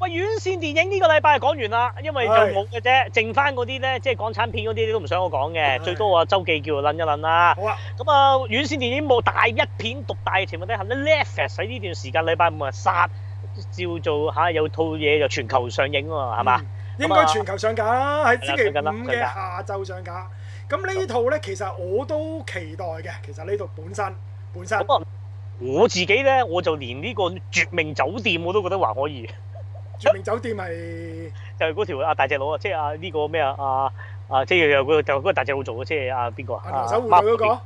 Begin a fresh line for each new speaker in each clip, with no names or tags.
喂，院線電影呢個禮拜係講完啦，因為就冇嘅啫，剩翻嗰啲咧，即係港產片嗰啲，你都唔想我講嘅。最多啊，周記叫我諗一諗啦。好啊。咁啊，院線電影冇大一片，獨大嘅情況底下咧，叻嘅使呢段時間禮拜五啊殺，照做嚇。有套嘢就全球上映喎，係嘛？應該全球上架啦，喺星期五嘅下
晝上架。咁呢套咧，其實我都期待嘅。其實呢套本身
本身我自己咧，我就連呢個《絕命酒店》我都覺得還可以。著名酒店咪就係嗰條大隻佬、就係、啊，即係阿呢個咩啊，阿阿即係又個就嗰大隻佬做嘅，即係阿邊個啊？留守、啊、護、嗰個啊嗰個、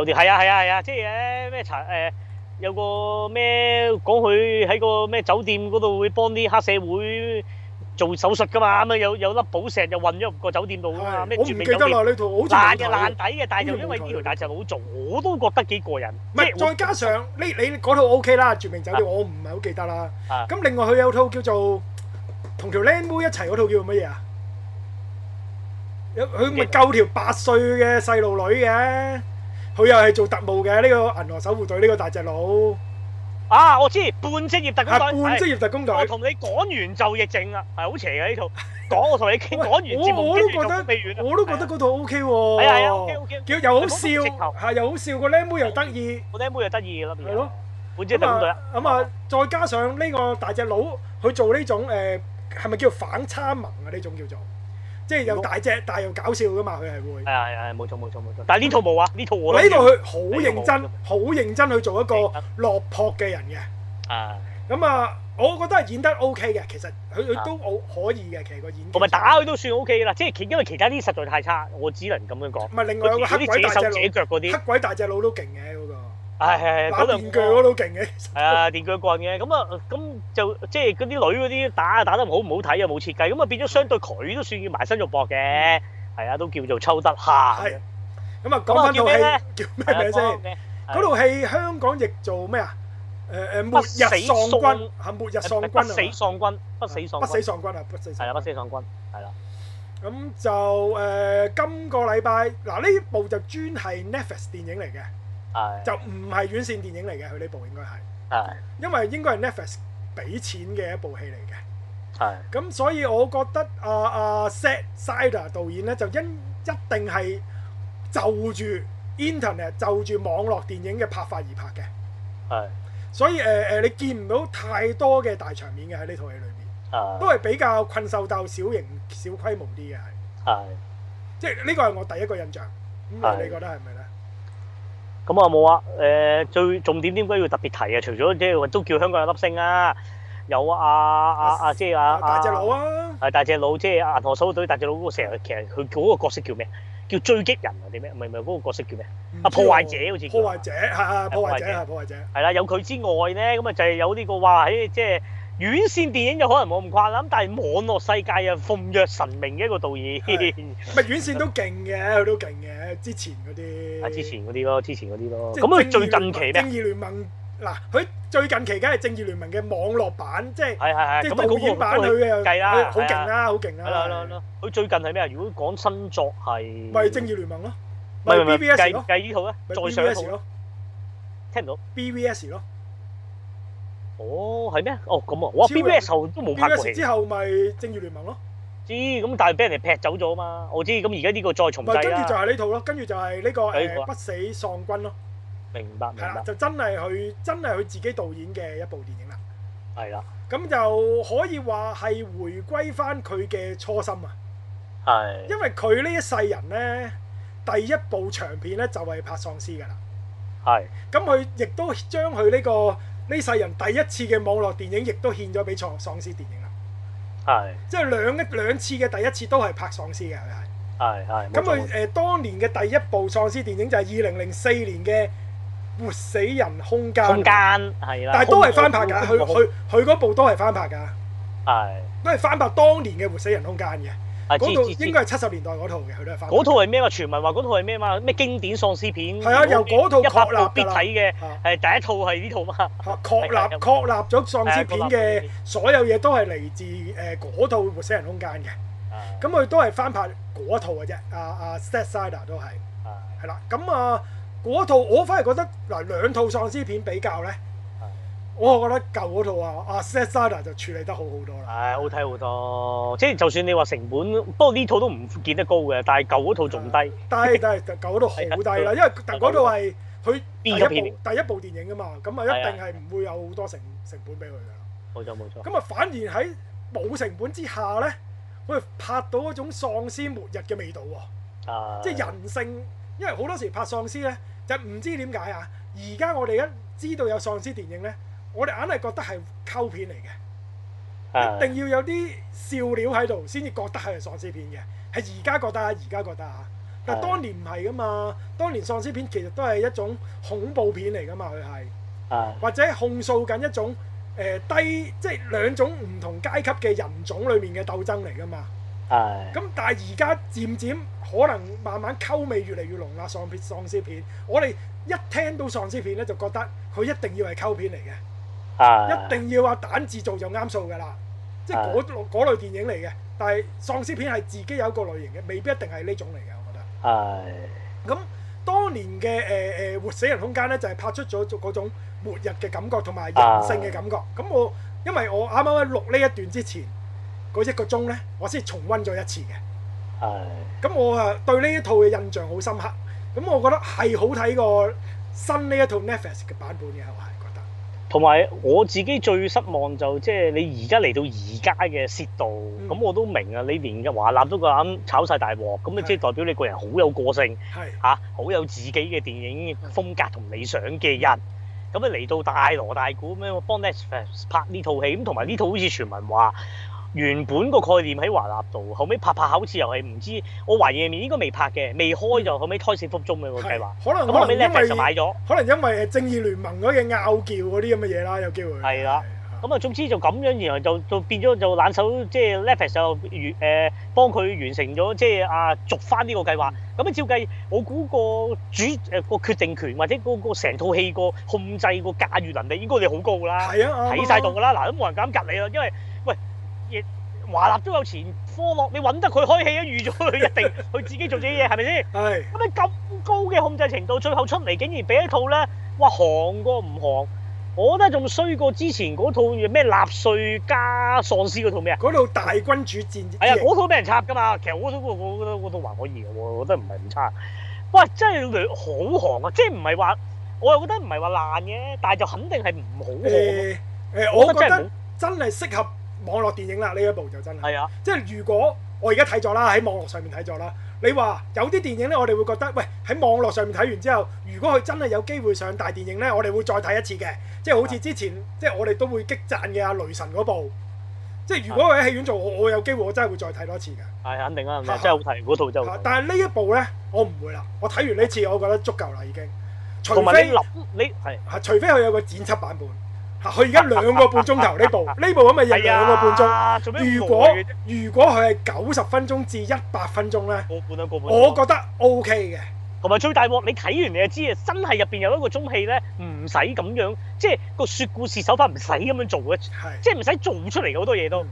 酒店係啊係啊係啊，即係咩茶？誒、啊啊啊啊呃、有個咩講佢喺個咩酒店嗰度會幫啲黑社會。做手術噶嘛？咁啊有有粒寶石就混咗入個酒店度啊！咩著名酒店我唔記得啦，呢套爛嘅爛底嘅，但係就因為呢條大隻佬做，我都覺得幾過
癮。唔係，再加上你你嗰套 O K 啦，著名酒店我唔係好記得啦。咁另外佢有套叫做同條靚妹一齊嗰套叫做乜嘢啊？佢咪救條八歲嘅細路女嘅？佢又係做特務嘅呢個銀河守護隊呢個大隻佬。
啊！我知半職業特工隊，半職業特工隊。我同你講完就疫症啊，係好邪嘅呢套。講我同你傾，講完接唔接住都未
完。我都覺得嗰套 O K 喎。係啊，O K O K，
叫又好笑，係又好笑。個僆妹又得意，個僆妹又得意咯。係咯，半職業特工隊。
咁啊，再加上呢個大隻佬去做呢種誒，係咪叫反差萌啊？呢種叫做。即係又大隻，但係
別 又搞笑㗎嘛，佢係會。係係係，冇錯冇錯冇錯。錯但係呢套冇啊，呢套我呢套佢好認真，
好認真去做一個落魄嘅人嘅。
啊，
咁啊，我覺得係演
得 OK 嘅，其實佢佢都好可以嘅，其實個演。同埋打佢都算 OK 啦，即係因為其他啲實在太差，我只能咁樣講。唔係，另外有個黑鬼大隻佬，射射黑鬼大隻佬都勁嘅。係係係，打電鋸我都勁嘅。係啊，電鋸棍嘅，咁啊，咁就即係嗰啲女嗰啲打啊，打得唔好，唔好睇啊，冇設計，咁啊變咗相對佢都算要埋身肉搏嘅。係啊，都叫做抽得吓。
咁啊，講翻套戲叫咩名先？嗰套戲香港譯做咩啊？誒誒，不死喪軍係，不死喪軍，不死
喪軍，不死喪軍啊，不死喪軍，係啦，不死喪軍，係啦。咁就
誒，今個禮拜嗱呢部就專係 Netflix 電影嚟嘅。是就唔係院線電影嚟嘅，佢呢部應該係，因為應該係 Netflix 俾錢嘅一部戲嚟嘅。係是，咁所以我覺得啊啊 Zack Snyder 導演咧就因一定係就住 Internet 就住網絡電影嘅拍法而拍嘅。
係是，
所以誒誒你見唔到太多嘅大場面嘅喺呢套
戲裏面，
是都係比較困獸鬥小型小規模啲嘅係。係
是，
是即係呢個係我第一個印象。
咁你覺得係咪咧？咁啊冇啊，誒、嗯、最重點點解要特別提啊？除咗即係都叫香港有粒星啊，有啊啊啊即係啊，啊大隻佬啊，係大隻佬即係銀河守護隊大隻佬嗰成日其實佢做嗰個角色叫咩？叫追擊人定咩？唔係唔係嗰個角色叫咩？啊破壞者好似、啊、破壞者係、啊、破壞者係、啊、破壞者係啦，嗯啊、有佢之外咧，咁、就係呢個、啊就係有呢個哇，誒即係。院線電影就可能冇咁誇啦，咁但係網絡世界又奉若神明嘅一個導演，唔係院線都勁嘅，佢
都勁嘅，之前嗰啲。
啊，之前嗰啲咯，之前嗰啲咯。咁佢最近期咩？正義聯
盟嗱，佢最近期梗係正義聯盟嘅網絡版，即係即係導演版，佢又佢勁啦，好勁啦。
係啦係啦，佢最近係咩？如果講新作係咪正義聯盟咯？咪 BBS 咯，計呢套咧，再上一套咯，聽唔到 BBS 咯。哦，係咩？哦，咁啊，我 B.S. 後都冇拍過戲。B.S. 之後咪《正義聯盟》咯。知咁，但係俾人哋劈走咗嘛？我知咁，而家呢個再重製。跟住就係呢
套咯，跟住就係呢個誒不死喪軍咯。明白，明白。就真係佢真係佢自己導演嘅一部電影啦。係啦。咁就可以話係回歸翻佢嘅初心啊！
係。因
為佢呢一世人咧，第一部長片咧就係拍喪屍噶啦。係。咁佢亦都將佢呢個。呢世人第一次嘅網絡電影，亦都獻咗俾喪喪屍電影啦的。係，即係兩兩次嘅第一次都係拍喪屍嘅，係咪？係係。
咁佢
誒當年嘅第一部喪屍電影就係二零零四年嘅《活死人兇間》。兇間
係啦，但係都係翻拍㗎。佢佢
佢嗰部都係翻拍㗎。係
的。
都係翻拍當年嘅《活死人兇間》嘅。嗰、啊、套應該係七十年代嗰套
嘅，佢都係翻。嗰套係咩啊？傳聞話嗰套係咩嘛？咩經典喪屍片？係啊，由嗰套確立，必睇嘅，係第一套係呢套嘛。嚇、啊、確立、啊、確立咗喪屍片嘅所
有嘢都係嚟自誒嗰、呃、套《活死人兇間》嘅、啊。咁佢都係翻拍嗰套嘅啫。阿阿 Zack Snyder 都係。係、啊。係啦，咁啊嗰套我反而覺得嗱兩套喪屍片比較咧。我覺得舊嗰套啊，Zack Snyder 就處理得好好多
啦。係、哎，好睇好多。嗯、即係就算你話成本，不過呢套都唔見得高嘅，但係舊嗰套仲低。嗯、但
係就係舊嗰套好低啦，因為但嗰套係
佢第一部有
第一部電影啊嘛，咁啊有一定係唔會有好多成有成本俾佢嘅。冇錯
冇錯。咁啊，
反而喺冇成本之下咧，佢哋拍到一種喪屍末日嘅味道喎。
啊！即係人
性，因為好多時拍喪屍咧，就唔知點解啊。而家我哋一知道有喪屍電影咧。我哋硬係覺得係溝片嚟嘅，
一定要
有啲笑料喺度先至覺得係喪屍片嘅。係而家覺得啊，而家覺得啊，
但係當
年唔係噶嘛。當年喪屍片其實都係一種恐怖片嚟噶嘛，佢係，或者控訴緊一種、呃、低，即係兩種唔同階級嘅人種裡面嘅鬥爭嚟噶嘛。係。咁但係而家漸漸可能慢慢溝味越嚟越濃啦，喪片喪屍片。我哋一聽到喪屍片咧，就覺得佢一定要係溝片嚟嘅。一定要話蛋自做就啱數㗎喇，即係嗰嗰類電影嚟嘅。的但係喪屍片係自己有一個類型嘅，未必一定係呢種嚟嘅。我覺
得。
係的。咁當年嘅誒誒活死人兇間咧，就係、是、拍出咗做嗰種末日嘅感覺同埋人性嘅感覺。咁的我因為我啱啱喺錄呢一段之前嗰一個鐘咧，我先重溫咗一次嘅。係的。咁我誒對呢一套嘅印象好深刻。咁我覺得係好睇過新呢一套 Netflix 嘅版本嘅，係。
同埋我自己最失望就即係你而家嚟到而家嘅蝕度。咁、嗯、我都明啊！你連嘅華納都個膽炒晒大鑊，咁啊即係代表你個人好有個性，嚇好是、啊、有自己嘅電影風格同理想嘅人。咁你嚟到大鑼大鼓，幫 Netflix 拍呢套戲，咁同埋呢套好似傳聞話。原本個概念喺華納度，後尾拍拍好似又係唔知。我懷疑面應該未拍嘅，未開就後尾胎死腹中嘅個計劃。可能咁後屘 Netflix 就買咗。可能因為誒《正
義聯盟》嗰嘅拗撬嗰啲咁嘅嘢啦，有機會。
係啦。咁啊，總之就咁樣，然後就就變咗就冷手，即係 Netflix 就完誒幫佢完成咗，即係啊續翻呢個計劃。咁啊照計，我估個主誒個決定權或者個成套戲個控制個駕馭能力應該你好高㗎啦。係啊，喺晒度㗎啦。嗱都冇人敢隔你啦，因為喂。華納都有前科落，你揾得佢開戲啊？預咗佢一定佢自己做自己嘢，係咪先？咁你咁高嘅控制程度，最後出嚟竟然俾一套咧，哇！行過唔行？我覺得仲衰過之前嗰套咩納粹加喪屍嗰套咩啊？嗰套大軍主戰。係呀，嗰套俾人拆㗎嘛。其實嗰套我覺得套還可以嘅，我覺得唔係唔差。喂，真係好行啊！即係唔係話我又覺得唔係話爛嘅，但係就肯定係唔好行。呃呃，我覺得真係適合
網絡電影啦，呢一部就真係。係啊，即係如果我而家睇咗啦，喺網絡上面睇咗啦，你話有啲電影呢，我哋會覺得喂，喺網絡上面睇完之後，如果佢真係有機會上大電影呢，我哋會再睇一次嘅。即係好似之前，啊、即係我哋都會激讚嘅阿雷神嗰部。即係如果佢喺戲院做，我我有機會，我真係會再睇多次嘅。
係肯定啦，真係好睇。嗰套就、啊。
但係呢一部呢，我唔會啦。我睇完呢次，我覺得足夠啦，已經。
除非你
係、啊，除非佢有個剪輯版本。佢而家兩個半鐘頭，呢部呢部咁咪日兩個半鐘，如果如果佢係九十分鐘至一百分鐘咧，半兩
半，我覺得 O K 嘅，同埋最大鑊，你睇完你就知啊，真係入邊有一個中戲咧，唔使咁樣，即係個說故事手法唔使咁樣做嘅，即係唔使做出嚟好多嘢都，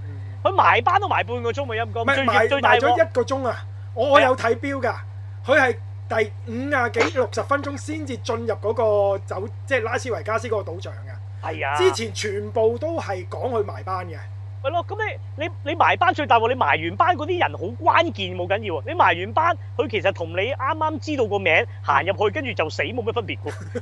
佢埋班都埋半個鐘咪陰功，唔係埋咗一
個鐘啊！我有睇表㗎，佢係第五廿幾六十分鐘先至進入嗰個走，即係拉斯維加斯嗰個賭場。係啊！之前全部都係講去埋班嘅，
咪咯咁你你你埋班最大喎！你埋完班嗰啲人好關鍵冇緊要，你埋完班佢其實同你啱啱知道個名行入去跟住就死冇乜分別，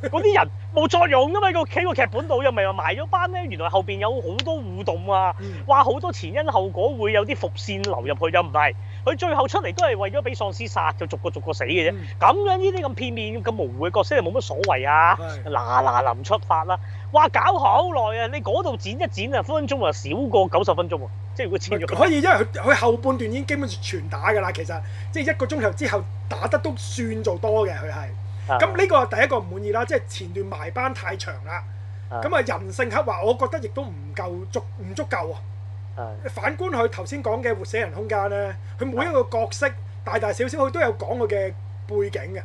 嗰啲人冇作用噶嘛！佢企個劇本度又咪話埋咗班咧，原來後邊有好多互動啊，話好多前因後果會有啲伏線流入去又唔係，佢最後出嚟都係為咗俾喪屍殺就逐個逐個死嘅啫。咁、嗯、樣呢啲咁片面咁模糊嘅角色係冇乜所謂啊！嗱嗱臨出發啦～哇，搞好耐啊！你嗰度剪一剪啊，分分鐘啊少過九十分鐘喎，即係如果剪咗可以，因為佢佢後半段已經基本上全打㗎啦。其實即係一個鐘
頭之後打得都算做多嘅，佢係。咁呢是的 個第一個唔滿意啦，即係前段埋班太長啦。咁啊，人性刻畫，我覺得亦都唔夠足，唔足夠啊。是的 反觀佢頭先講嘅活死人兇間咧，佢每一個角色是的 大大小小，佢都有講佢嘅背景嘅。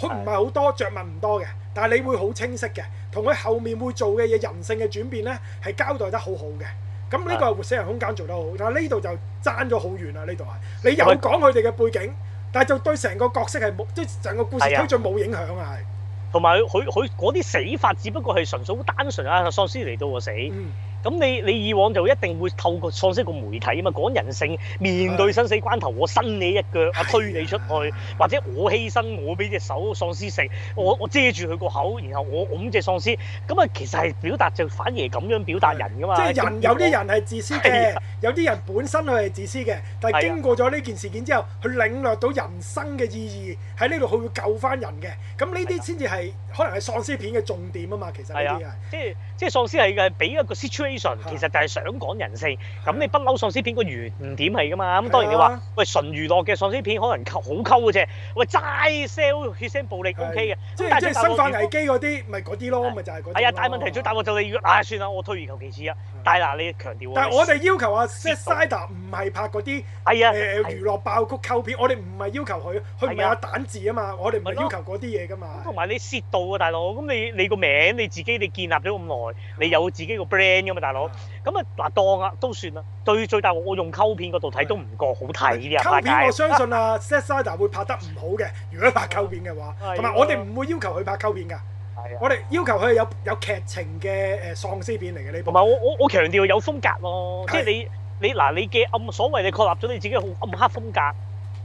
佢唔係好多着墨唔多嘅，但係你會好清晰嘅，同佢後面會做嘅嘢人性嘅轉變呢，係交代得好好嘅。咁呢個係活死人兇間做得好好，但係呢度就爭咗好遠啦。呢度係你有講佢哋嘅背景，但係就對成個角色係冇即係成個故事推進冇影響啊。係
同埋佢佢嗰啲死法，只不過係純粹好單純啊，喪屍嚟到我死。嗯咁你你以往就一定會透過喪屍個媒體啊嘛，講人性面對生死關頭，我伸你一腳啊，推你出去，或者我犧牲我俾隻手喪屍食，我我遮住佢個口，然後我五隻喪屍，咁啊其實係表達就反而係咁樣表達人噶嘛，即係人有啲人
係自私嘅，有啲人本身佢係自私嘅，但係經過咗呢件事件之後，佢領略到人生嘅意義喺呢度，佢會救翻人嘅，咁呢啲先至係可能係喪屍片嘅重
點啊嘛，其實呢啲係即係即係喪屍係係俾一個 situation 其實就係想講人性，咁你不嬲喪屍片個原點係㗎嘛？咁當然你話喂純娛樂嘅喪屍片可能好溝嘅啫，喂齋 sell 血腥暴力 OK 嘅，即係即係生化危機嗰啲咪嗰啲咯，咪就係嗰。係啊，大問題最大我就你，啊算啦，我退而求其次啊。但係嗱，你強調。但係我哋要
求啊 Snyder 唔係拍嗰啲係啊誒娛樂爆谷溝片，我哋唔係要求佢，佢唔係阿蛋字啊嘛，我哋唔係要求嗰啲嘢
㗎嘛。同埋你適度啊，大佬，咁你你個名你自己你建立咗咁耐，你有自己個 brand 㗎。大佬，咁啊，嗱、啊，當啦、啊、都算啦。對最大我用溝片嗰度睇都唔過對好睇呢啲啊！溝片我
相信啊，Zack Snyder、啊、會拍得唔好嘅，如果拍溝片嘅話，同埋、啊、我哋
唔會要求佢拍溝片㗎。啊、我哋要求佢有有劇情嘅誒、呃、喪屍片嚟嘅呢部。同埋我我我強調有風格咯、啊，即係對你你嗱你嘅、啊、暗所謂你確立咗你自己好暗黑風格。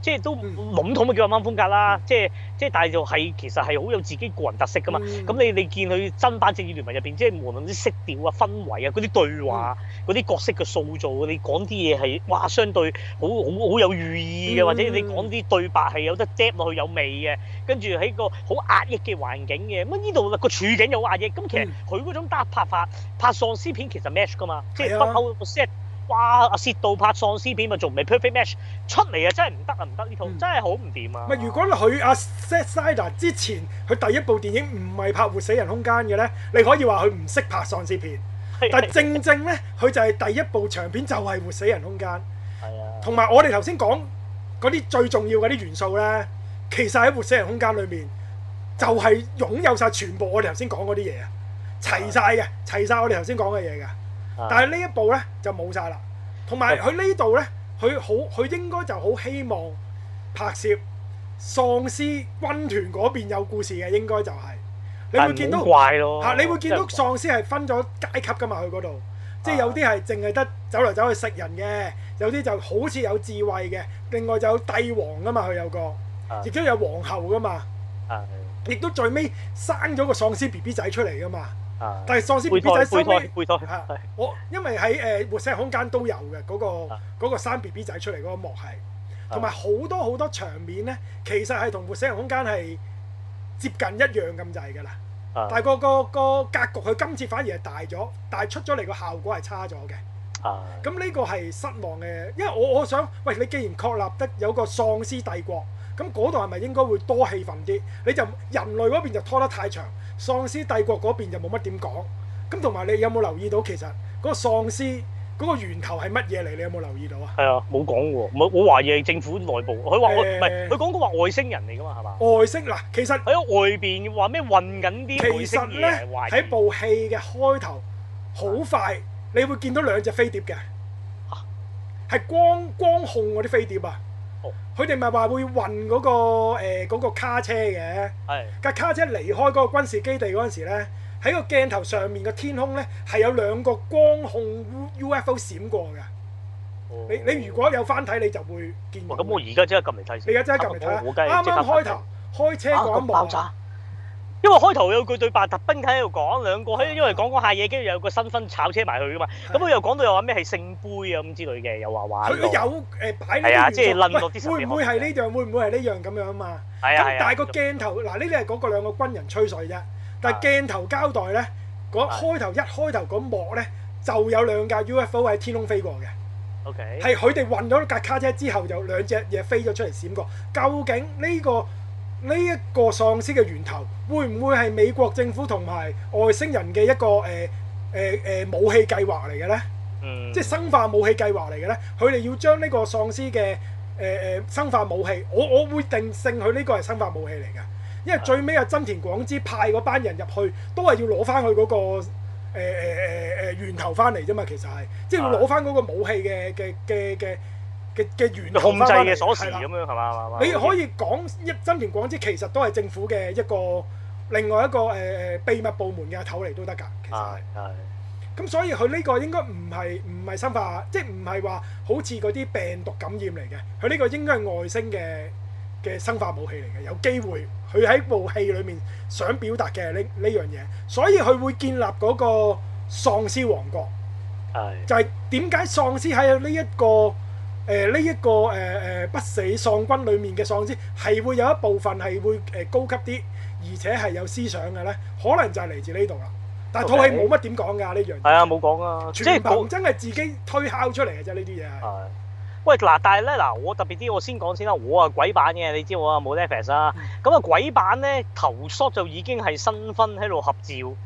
即係都籠統嘅叫百蚊風格啦，即係即係、就是，但係就係其實係好有自己個人特色噶嘛。咁、嗯、你你見佢真版《正義聯盟》入邊，即係無論啲色調啊、氛圍啊、嗰啲對話、嗰啲、嗯、角色嘅塑造，你講啲嘢係話相對好好好有寓意嘅，或者你講啲對白係有得嗒落去有味嘅，跟住喺個好壓抑嘅環境嘅，咁呢度個處境又好壓抑。咁其實佢嗰種打拍法拍喪屍片其實 match 噶嘛，嗯、即係不否不 set。哇！阿 Zack 導拍喪屍片咪仲未 perfect match 出嚟啊，嗯、真係唔得啊，唔得呢套真係好唔掂啊！唔係
如果佢阿 Zack Snyder 之前佢第一部電影唔係拍《活死人兇間》嘅咧， 你可以話佢唔識拍喪屍片。
但正
正咧，佢就係第一部長片就係《活死人兇間》。係啊。同埋我哋頭先講嗰啲最重要嗰啲元素咧，其實喺《活死人兇間》裏面就係、是、擁有晒全部我哋頭先講嗰啲嘢啊，齊晒嘅，齊晒我哋頭先講嘅嘢嘅。但係呢一部呢就冇晒啦，同埋佢呢度呢，佢好佢應該就好希望拍攝喪屍軍團嗰邊有故事嘅，應該就係、
係、你會見到怪、啊、你會見到
喪屍係分咗階級噶嘛，佢嗰度即係有啲係淨係得走嚟走去食人嘅，有啲就好似有智慧嘅，另外就有帝王噶嘛，佢有個亦都、啊、有皇后噶嘛，亦、啊、都最尾生咗個喪屍 B B 仔出嚟噶嘛。
但係喪屍 B B 仔身邊，
我，啊、因為喺誒活死人空間都有嘅嗰、嗰個啊、個生 B B 仔出嚟嗰個幕係，同埋好多好多場面咧，其實係同活死人空間係接近一樣咁滯㗎啦。啊、但係、嗰個個、嗰個格局佢今次反而係大咗，但係出咗嚟個效果係差咗嘅。咁呢、啊、個係失望嘅，因為我我想，喂你既然確立得有個喪屍帝國。咁嗰度係咪應該會多氣氛啲？你就人類嗰邊就拖得太長，喪屍帝國嗰邊就冇乜點講。咁同埋你有冇留意到其實嗰個喪屍嗰個源頭係乜嘢嚟？你有冇留意到
啊？係啊，冇講喎。唔係，我懷疑係政府內部。佢話我唔係，
佢講過話外星人嚟㗎嘛？係咪？外星嗱，其實喺外邊話咩混緊啲。其實咧，喺懷疑 部戲嘅開頭好快，你會見到兩隻飛碟嘅，係、啊、光光控嗰啲飛碟啊。佢哋咪話會運嗰、嗰個誒卡、呃嗰個、車嘅，架卡的車離開嗰個軍事基地嗰陣時咧，喺個鏡頭上面嘅天空咧係有兩個光控 UFO 閃過嘅。Oh. 你你如果有翻睇你就會
見到。到。咁我而家即刻撳嚟睇，你而家即刻撳嚟睇啦！啱啱開頭開車嗰一幕。啊因為開頭有句對白，特兵喺度講兩個喺，因為講,講下嘢，跟住有個新婚炒車埋去噶嘛。咁佢、啊、又講到又話咩係聖杯啊咁之類嘅，又話話。佢有誒擺呢啲嘢做，會唔
會係呢樣？會唔會係呢樣咁樣啊？嘛、
啊。咁但係
個鏡頭嗱，呢啲係嗰個兩個軍人吹水啫。啊、但係鏡頭交代咧，嗰、啊啊、開頭一開頭嗰幕咧，就有兩架 UFO 喺天空飛過嘅。
OK。係佢
哋運咗架卡車之後，有兩隻嘢飛咗出嚟閃過。究竟呢、呢個？呢一個喪屍嘅源頭會唔會係美國政府同埋外星人嘅一個誒誒誒武器計劃嚟嘅咧？嗯，即係生化武器計劃嚟嘅咧。佢哋要將呢個喪屍嘅誒誒生化武器，我我會定性佢呢個係生化武器嚟嘅，因為最尾阿真田廣之派嗰班人入去，都係要攞翻佢嗰個誒誒誒誒源頭翻嚟啫嘛。其實係即係要攞翻嗰個武器嘅嘅嘅嘅。嘅嘅源頭翻翻係啦，
你可以
講，一真田廣之其實都係政府嘅一個另外一個誒誒、呃、秘密部門嘅頭嚟都得噶，其
實，係，
咁，所以佢呢個應該唔係唔係生化，即係唔係話好似嗰啲病毒感染嚟嘅，佢呢個應該係外星嘅嘅生化武器嚟嘅，有機會佢喺部戲裏面想表達嘅呢呢樣嘢，所以佢會建立嗰個喪屍王國，
係
的，的就係點解喪屍喺呢一個。誒呢一個誒誒、呃呃、不死喪軍裡面嘅喪屍係會有一部分係會誒、呃、高級啲，而且係有思想嘅咧，可能就係嚟自呢度啦。但
係套 Okay. 戲冇
乜點講㗎呢樣
嘢？係啊冇講啊，即係
真係自己推敲出嚟嘅啫呢啲嘢。係、啊、
喂嗱，但係咧嗱，我特別啲，我先講先啦。我啊鬼版嘅，你知我啊冇 Netflix 啦。咁啊鬼版咧頭縮就已經係新婚喺度合照。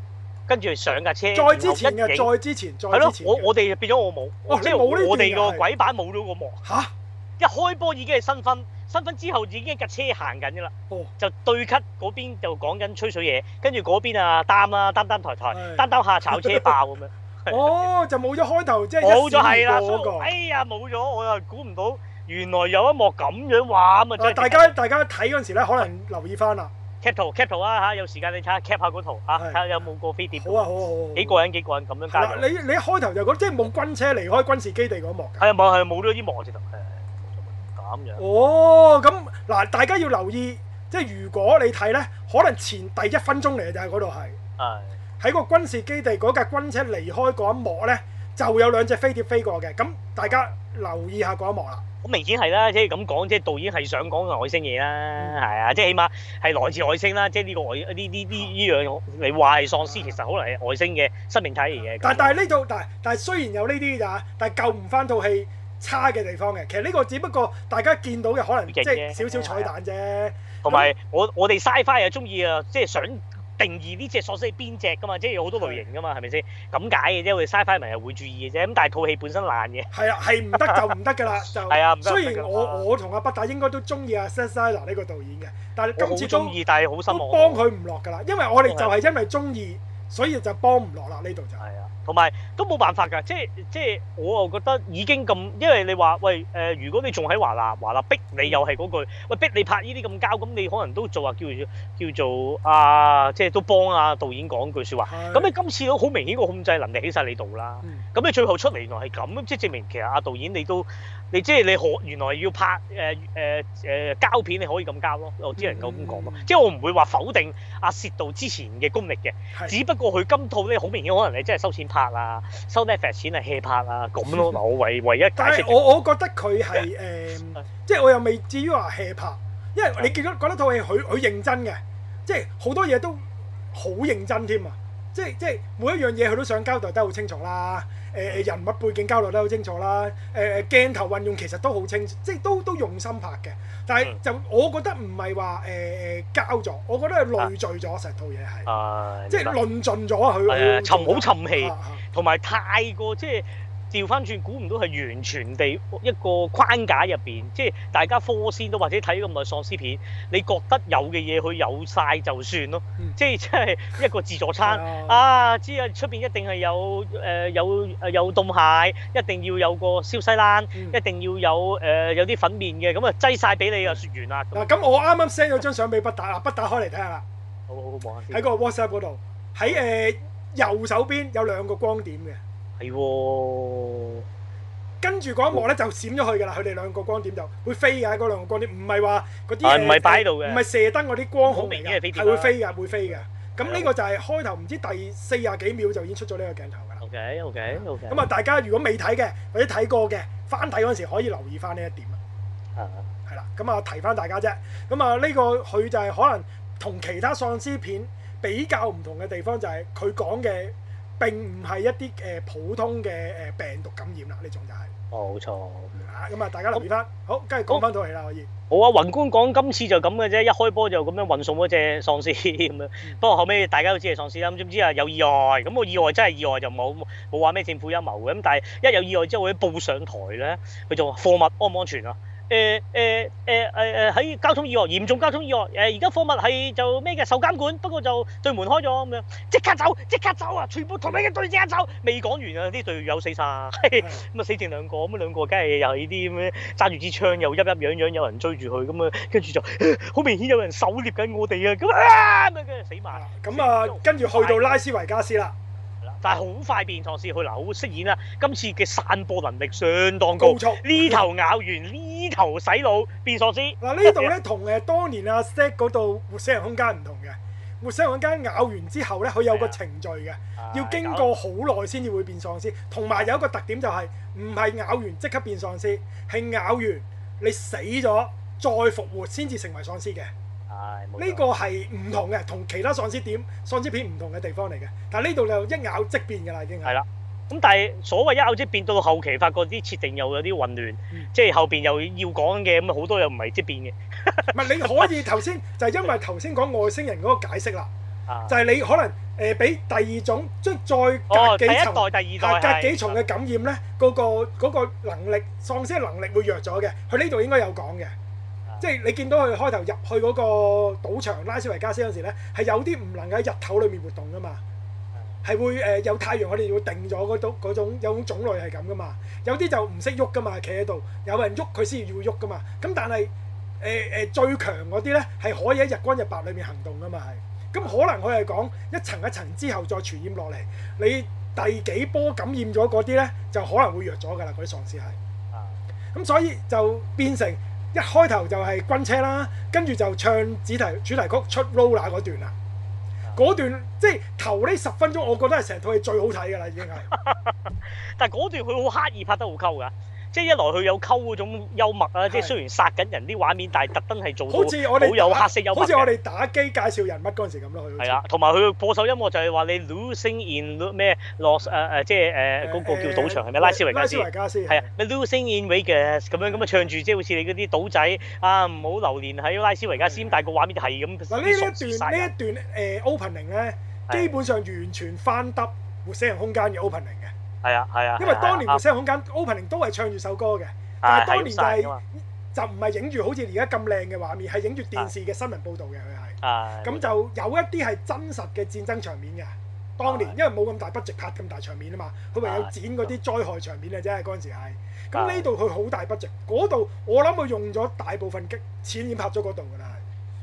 跟住上架車，再之前嘅，再之前，再之前，係咯，我我哋就變咗我冇，即係我哋個鬼板冇咗個幕。嚇！一開波已經係新婚，新婚之後已經架車行緊嘅啦。就對咳嗰邊就講緊吹水嘢，跟住嗰邊啊擔啊擔擔抬抬，擔擔下炒車爆咁樣。哦！
就冇咗開頭，即係冇咗係啦。哎呀，冇咗！我又估唔到，
原來有一幕咁樣畫啊！就係大家大家
睇嗰陣時咧，可能留意翻啦。
capture capture 啦嚇，有時間你睇 capture 嗰圖睇下、啊、是有冇個飛碟好、啊。好啊好啊好啊，幾個人幾個人咁樣，你你
一開頭就講即係冇軍車離開軍事基地
嗰幕。係啊冇係冇咗啲幕直頭。係係係，咁
樣。哦咁嗱，大家要留意，即係如果你睇咧，可能前第一分鐘嚟嘅就係嗰度係。係。喺是個軍事基地嗰架軍車離開嗰一幕咧，就有兩隻飛碟飛過嘅，咁大家。留意下嗰一幕
啦，好明顯係啦，即係咁講，即係導演係想講外星嘢啦，係啊，即係起碼係來自外星啦，即係呢個外呢啲呢呢樣，你話係喪屍，其實可能係外星嘅生命體嚟嘅。但但
係呢度，但但係雖然有呢啲咋，但係救唔翻套戲差嘅地方嘅。其實呢個只不過大家見到嘅可能即係少少彩蛋啫。
同埋我我哋 Sci-Fi 又中意啊，即係想。定義呢隻喪屍係邊隻噶嘛？即係有好多類型噶嘛，係咪先？咁解嘅啫，我哋嘥翻嚟又會注意嘅啫。咁但係套戲本身爛嘅。係啊，係唔得就唔得噶啦。就係啊，雖然
我、啊、我同阿北大應該都中意阿 Snyder 呢個導演
嘅，但係今次都中意，但係好失望，都幫佢
唔落噶啦。因為我哋就係因為中意，
所以就幫唔落啦呢度就。係啊同埋都冇辦法㗎，即係即係，我又覺得已經咁，因為你話喂誒、呃，如果你仲喺華納華納逼你又，又係嗰句喂逼你拍呢啲咁膠，咁你可能都做下叫叫做啊，即係都幫啊導演講句説話。咁是你今次都好明顯個控制能力喺晒你度啦。咁、嗯、你最後出嚟原來係咁，即係證明其實阿、啊、導演你都。你即係你可原來要拍誒誒誒膠片，你可以咁交咯。我只能夠咁講咯。嗯、即係我唔會話否定阿薛導之前嘅功力嘅。是只不過佢今套咧好明顯，可能你真係收錢拍啊，收 Netflix 錢啊，hea 拍啊咁咯。嗱，我唯唯一解釋。但係
我我我覺得佢
係誒，即係我又未至於話 hea 拍，因
為你見到覺得套戲佢佢認真嘅，即係好多嘢都好認真添啊，即係即係每一樣嘢佢都想交代得好清楚啦。誒誒人物背景交流得好清楚啦，誒、uh，誒鏡頭運用其實都好清楚，即係都都用心拍嘅。但係就我覺得唔係話誒誒交咗，我覺得係累贅咗成套嘢係，
啊、即係論
盡咗佢、啊啊，沉好沉氣，
同埋、啊、太過即係。調翻轉，估唔到係完全地一個框架入邊，即係大家科先都，或者睇咗咁耐喪屍片，你覺得有嘅嘢佢有曬就算咯。即係即係一個自助餐啊！知啊，出邊一定係有誒有有凍蟹，一定要有個燒西蘭，一定要有誒有啲粉麵嘅咁啊，擠曬俾你啊，說完啦。嗱，咁我
啱啱 send 咗張相俾不打啊，不打開嚟睇下啦。好好好，喺個 WhatsApp 嗰度，喺誒右手邊有兩個光點嘅，係跟住嗰一幕咧就閃咗去嘅啦。佢哋兩個光點就會飛嘅，嗰兩個光點唔係話嗰啲，唔係擺喺度嘅，唔係、啊欸、射燈嗰啲光好明嘅，係會、嗯那個、飛嘅，會飛嘅。咁呢個就係、是、了開頭唔知第四十幾秒就已經出咗呢個鏡頭
嘅啦。OK，OK，OK。咁啊，
大家如果未睇嘅或者睇過嘅，翻睇嗰陣時可以留意翻呢一點啊。
係啦，
咁啊我提翻大家啫。咁啊、這個，呢個佢就係可能同其他喪屍片比較唔同嘅地方，就係、是、佢講嘅。並唔係一啲誒、呃、普通嘅誒、呃、病毒感染啦，呢種就係、是、冇、哦、錯。咁啊、嗯，大家留意翻。嗯、好，跟住講翻到嚟啦，
可以。好啊、哦，雲觀講今次就咁嘅啫，一開波就咁樣運送嗰隻喪屍咁樣。 嗯、不過後尾大家都知係喪屍啦，咁知唔知啊有意外。咁個意外真係意外就冇冇話咩政府陰謀嘅。咁但係一有意外之後，我啲報上台咧，佢就話貨物安唔安全啊？誒誒誒誒誒喺交通意外，嚴重交通意外，誒而家貨物係就咩嘅受監管，不過就對門開咗咁樣，即刻走即刻走啊！全部同你嘅隊子一走，未講完啊！啲隊友死晒，咁啊、嗯嗯、死剩兩個，咁啊兩個梗係又係呢啲咩揸住支槍又一一樣樣有人追住佢咁啊，跟住就好明顯有人狩獵緊我哋啊！咁啊跟住死埋，咁啊跟住去到拉斯維加斯啦。但係好快變喪屍去嗱，好適應啦。今次嘅散播能力相當高。冇錯，呢錯頭咬完呢頭洗腦變喪屍。嗱，呢度咧同誒當
年阿 Set 嗰度活死人空間唔同嘅，活死人空間咬完之後咧，佢有個程序嘅，的要經過好耐先至會變喪屍。同埋的有一個特點就係唔係咬完即刻變喪屍，係咬完你死咗再復活先至成為喪屍嘅。呢個係唔同嘅，同其他喪屍片喪屍片唔同嘅地方嚟嘅。但係呢度就一咬即變噶啦，已經
係啦。咁但係所謂一咬即變，到後期發覺啲設定又有啲混亂，即係後邊又要講嘅，咁好多又唔係即變嘅。唔係
你可以頭先就係因為頭先講外星人嗰個解釋啦，就係你可能誒俾第二種即再隔幾層，第一代、第二代隔幾重嘅感染咧，嗰個嗰個能力喪屍嘅能力會弱咗嘅。佢呢度應該有講嘅。即係你見到佢開頭入去嗰個賭場拉斯維加斯嗰時咧，係有啲唔能夠喺日頭裏面活動噶嘛，係會誒、呃、有太陽會，我哋要定咗嗰種種有種種類係咁噶嘛，有啲就唔識喐噶嘛，企喺度，有人喐佢先要喐噶嘛，咁但係誒誒最強嗰啲咧係可以喺日光日白裏面行動噶嘛係，咁可能佢係講一層一層之後再傳染落嚟，你第幾波感染咗嗰啲咧就可能會弱咗㗎啦，嗰啲喪屍係，咁所以就變成。一開頭就係軍車啦，跟住就唱主題主題曲出 roller 嗰段啦，嗰、嗯、段即係頭呢十分鐘，我覺得係成套戲最好睇㗎啦，已經係，
但係嗰段佢好刻意拍得好溝㗎。即係一來佢有溝嗰種幽默啊，即係雖然殺緊人啲畫面，但係特登係做到好有黑色幽默，好似我哋
打機介紹人物嗰陣時咁咯，
係啦。同埋佢播首音樂就係話你 losing in 咩落誒即係誒嗰個叫賭場係咪拉斯維加斯？拉斯維加斯係啊，losing in Vegas 咁樣咁啊唱住，即係好似你嗰啲賭仔啊唔好留連喺拉斯維加斯，但係個畫面係咁嗱，呢一段呢一
段誒 opening 咧，基本上完全翻得《活死人兇間》嘅 opening 嘅。
係啊，係啊，因為當年無聲
空間，Opening、啊、都係唱住首歌嘅，但係當年就係、是、就唔係影住好似而家咁靚嘅畫面，係影住電視嘅新聞報導嘅佢係，
咁、啊、就
有一啲係真實嘅戰爭場面嘅。當年、啊、因為冇咁大 budget 拍咁大場面啊嘛，佢唯有剪嗰啲災害場面嘅啫，嗰陣時係。咁呢度佢好大 budget，嗰度我諗佢用咗大部分嘅錢已經拍咗嗰度㗎啦。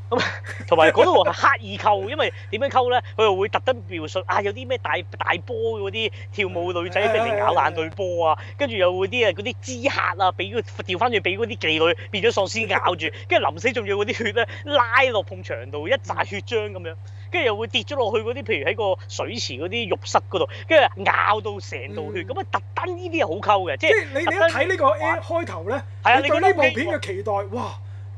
咁同埋嗰度係刻意溝，因為點樣溝咧？佢又會特登描述啊，有啲咩大大波嗰啲跳舞女仔，跟住咬爛對波啊，跟住又會啲啊嗰啲支客啊，俾個調翻轉俾嗰啲妓女變咗喪屍咬住，跟住臨死仲要嗰啲血咧拉落碰牆度，一紮血漿咁樣，跟住又會跌咗落去嗰啲，譬如喺個水池嗰啲浴室嗰度，跟住咬到成道血，咁啊、嗯、特登呢啲係好溝嘅，即係你特你一睇呢
個 A 開頭咧，啊、你對呢部片嘅期待哇！哇正喎，血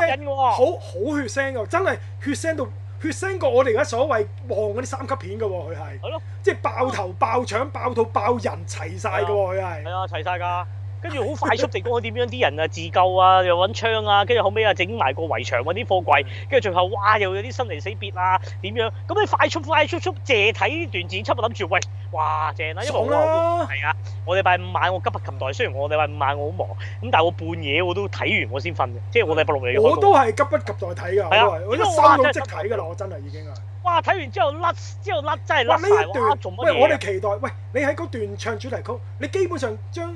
腥嘅喎，好好血腥嘅，真係血腥到血腥過我哋而家所謂望嗰啲三級片嘅喎，佢係。係咯，即係爆頭、爆腸、爆肚、爆人齊晒嘅喎，
佢係。係啊，齊晒㗎。跟住好快速地講下點樣，啲人啊自救啊又揾槍啊，跟住後尾啊整埋個圍牆揾啲貨櫃，跟住最後哇又有啲生離死別啊點樣，咁你快速快速速借睇呢段剪輯，我諗住喂，哇正啊，呢部啊。我禮拜五晚我急不及待，雖然我禮拜五晚我好忙，咁但係我半夜我都睇完我先瞓嘅，即係我禮拜六嚟。我都係
急不及待睇㗎，係啊，我三點即睇㗎啦，我
真係已經係！哇，睇完之後甩，之後甩真係甩曬，甩做乜嘢？喂，我哋期
待，喂，你喺嗰段唱主題曲，你基本上將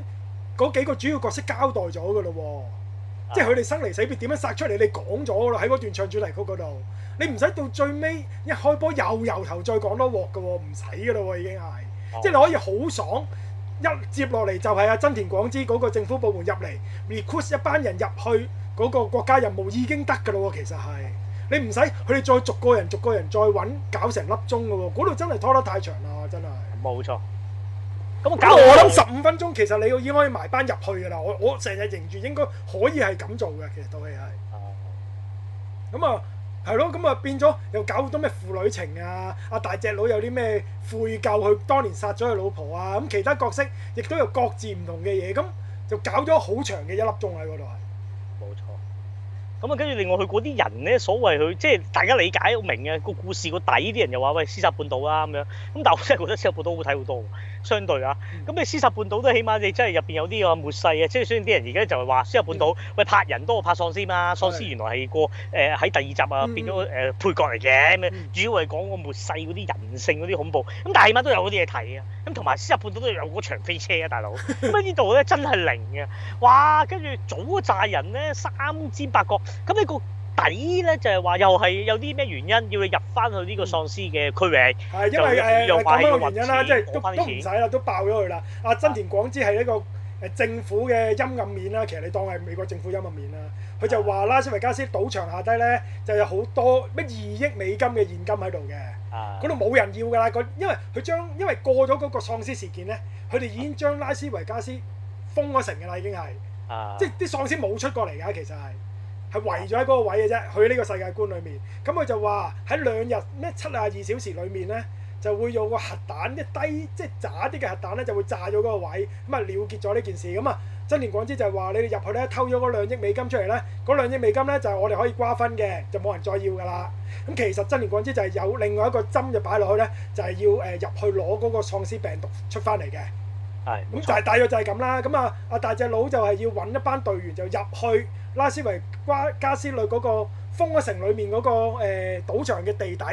嗰幾個主要角色交代咗㗎咯喎，即係佢哋生離死別點樣殺出嚟，你講咗啦喺嗰段唱主題曲嗰度，你唔使到最尾一開波又由頭再講多鑊㗎喎，唔使㗎啦喎已經係，即係你可以好爽。一接落嚟就係啊，真田廣之嗰個政府部門入嚟 request 一班人入去嗰、嗰個國家任務已經得㗎啦喎，其實係你唔使佢哋再逐個人逐個人再揾搞成粒鐘㗎喎，嗰度真係拖得太長啦，真係。冇錯，咁我搞我諗十五分鐘其實你已經可以埋班入去㗎啦，我我成日認住應該可以係咁做嘅，其實套戲係。咁啊。係咯，咁啊變咗又搞好多咩父女情啊！阿大隻佬有啲咩悔疚，佢當年殺咗佢老婆啊！咁其他角色亦都有各自唔同嘅嘢，咁就搞咗好長嘅一粒鐘喺嗰度係。冇錯。
咁啊，跟住另外佢嗰啲人咧，所謂佢即係大家理解好明嘅個故事個底的，啲人又話喂《屍殺半島》啊咁樣，咁但係我真係覺得《屍殺半島》好好睇好多。相對啊，咁、嗯、你《屍殺半島》都起碼你真係入邊有啲話末世啊。即係雖然啲人而家就係話《屍殺半島》嗯，喂拍人多過拍喪屍嘛，喪屍、嗯、原來係個誒喺第二集啊變咗誒、呃、配角嚟嘅，咩、嗯、主要係講個末世嗰啲人性嗰啲恐怖，咁但係起碼都有嗰啲嘢睇啊，咁同埋《屍殺半島》都有場飛車啊，大佬，咁喺呢度咧真係零嘅，哇，跟住組嗰扎人咧三尖八角，咁你個底咧就係、是、話又係有啲咩原因要你入翻去呢個喪屍嘅區域？係、嗯、因為誒，咁樣嘅原因啦？即係都都唔使
啦，都爆咗佢啦。阿、啊、真、啊、田廣之係一個誒政府嘅陰暗面啦，其實你當係美國政府陰暗面啦。佢就話拉斯維加斯賭場下低咧就有好多咩二億美金嘅現金喺度嘅。嗰度冇人要㗎啦，因為佢將因為過咗嗰個喪屍事件咧，佢哋已經將拉斯維加斯封咗城㗎啦，已經係即係啲喪屍冇出過嚟㗎，其實係。係圍咗喺嗰個位嘅啫，佢呢個世界觀裡面，咁、嗯、佢就話喺兩日咩七十二小時裡面咧，就會用個核彈一低即係炸啲嘅核彈咧，就會炸咗嗰個位，咁啊了結咗呢件事咁啊、嗯。真田廣之就係話你哋入去咧偷咗嗰兩億美金出嚟咧，嗰兩億美金咧就係、是、我哋可以瓜分嘅，就冇人再要㗎啦。咁、嗯、其實真田廣之就係有另外一個針就擺落去咧，就係、是、要誒入、呃、去攞嗰個喪屍病毒出翻嚟嘅。咁就係大約就係咁啦。咁啊，阿大隻佬就係要揾一班隊員就入去拉斯維瓜加斯裏嗰個封咗城裏面嗰個誒賭場嘅地底，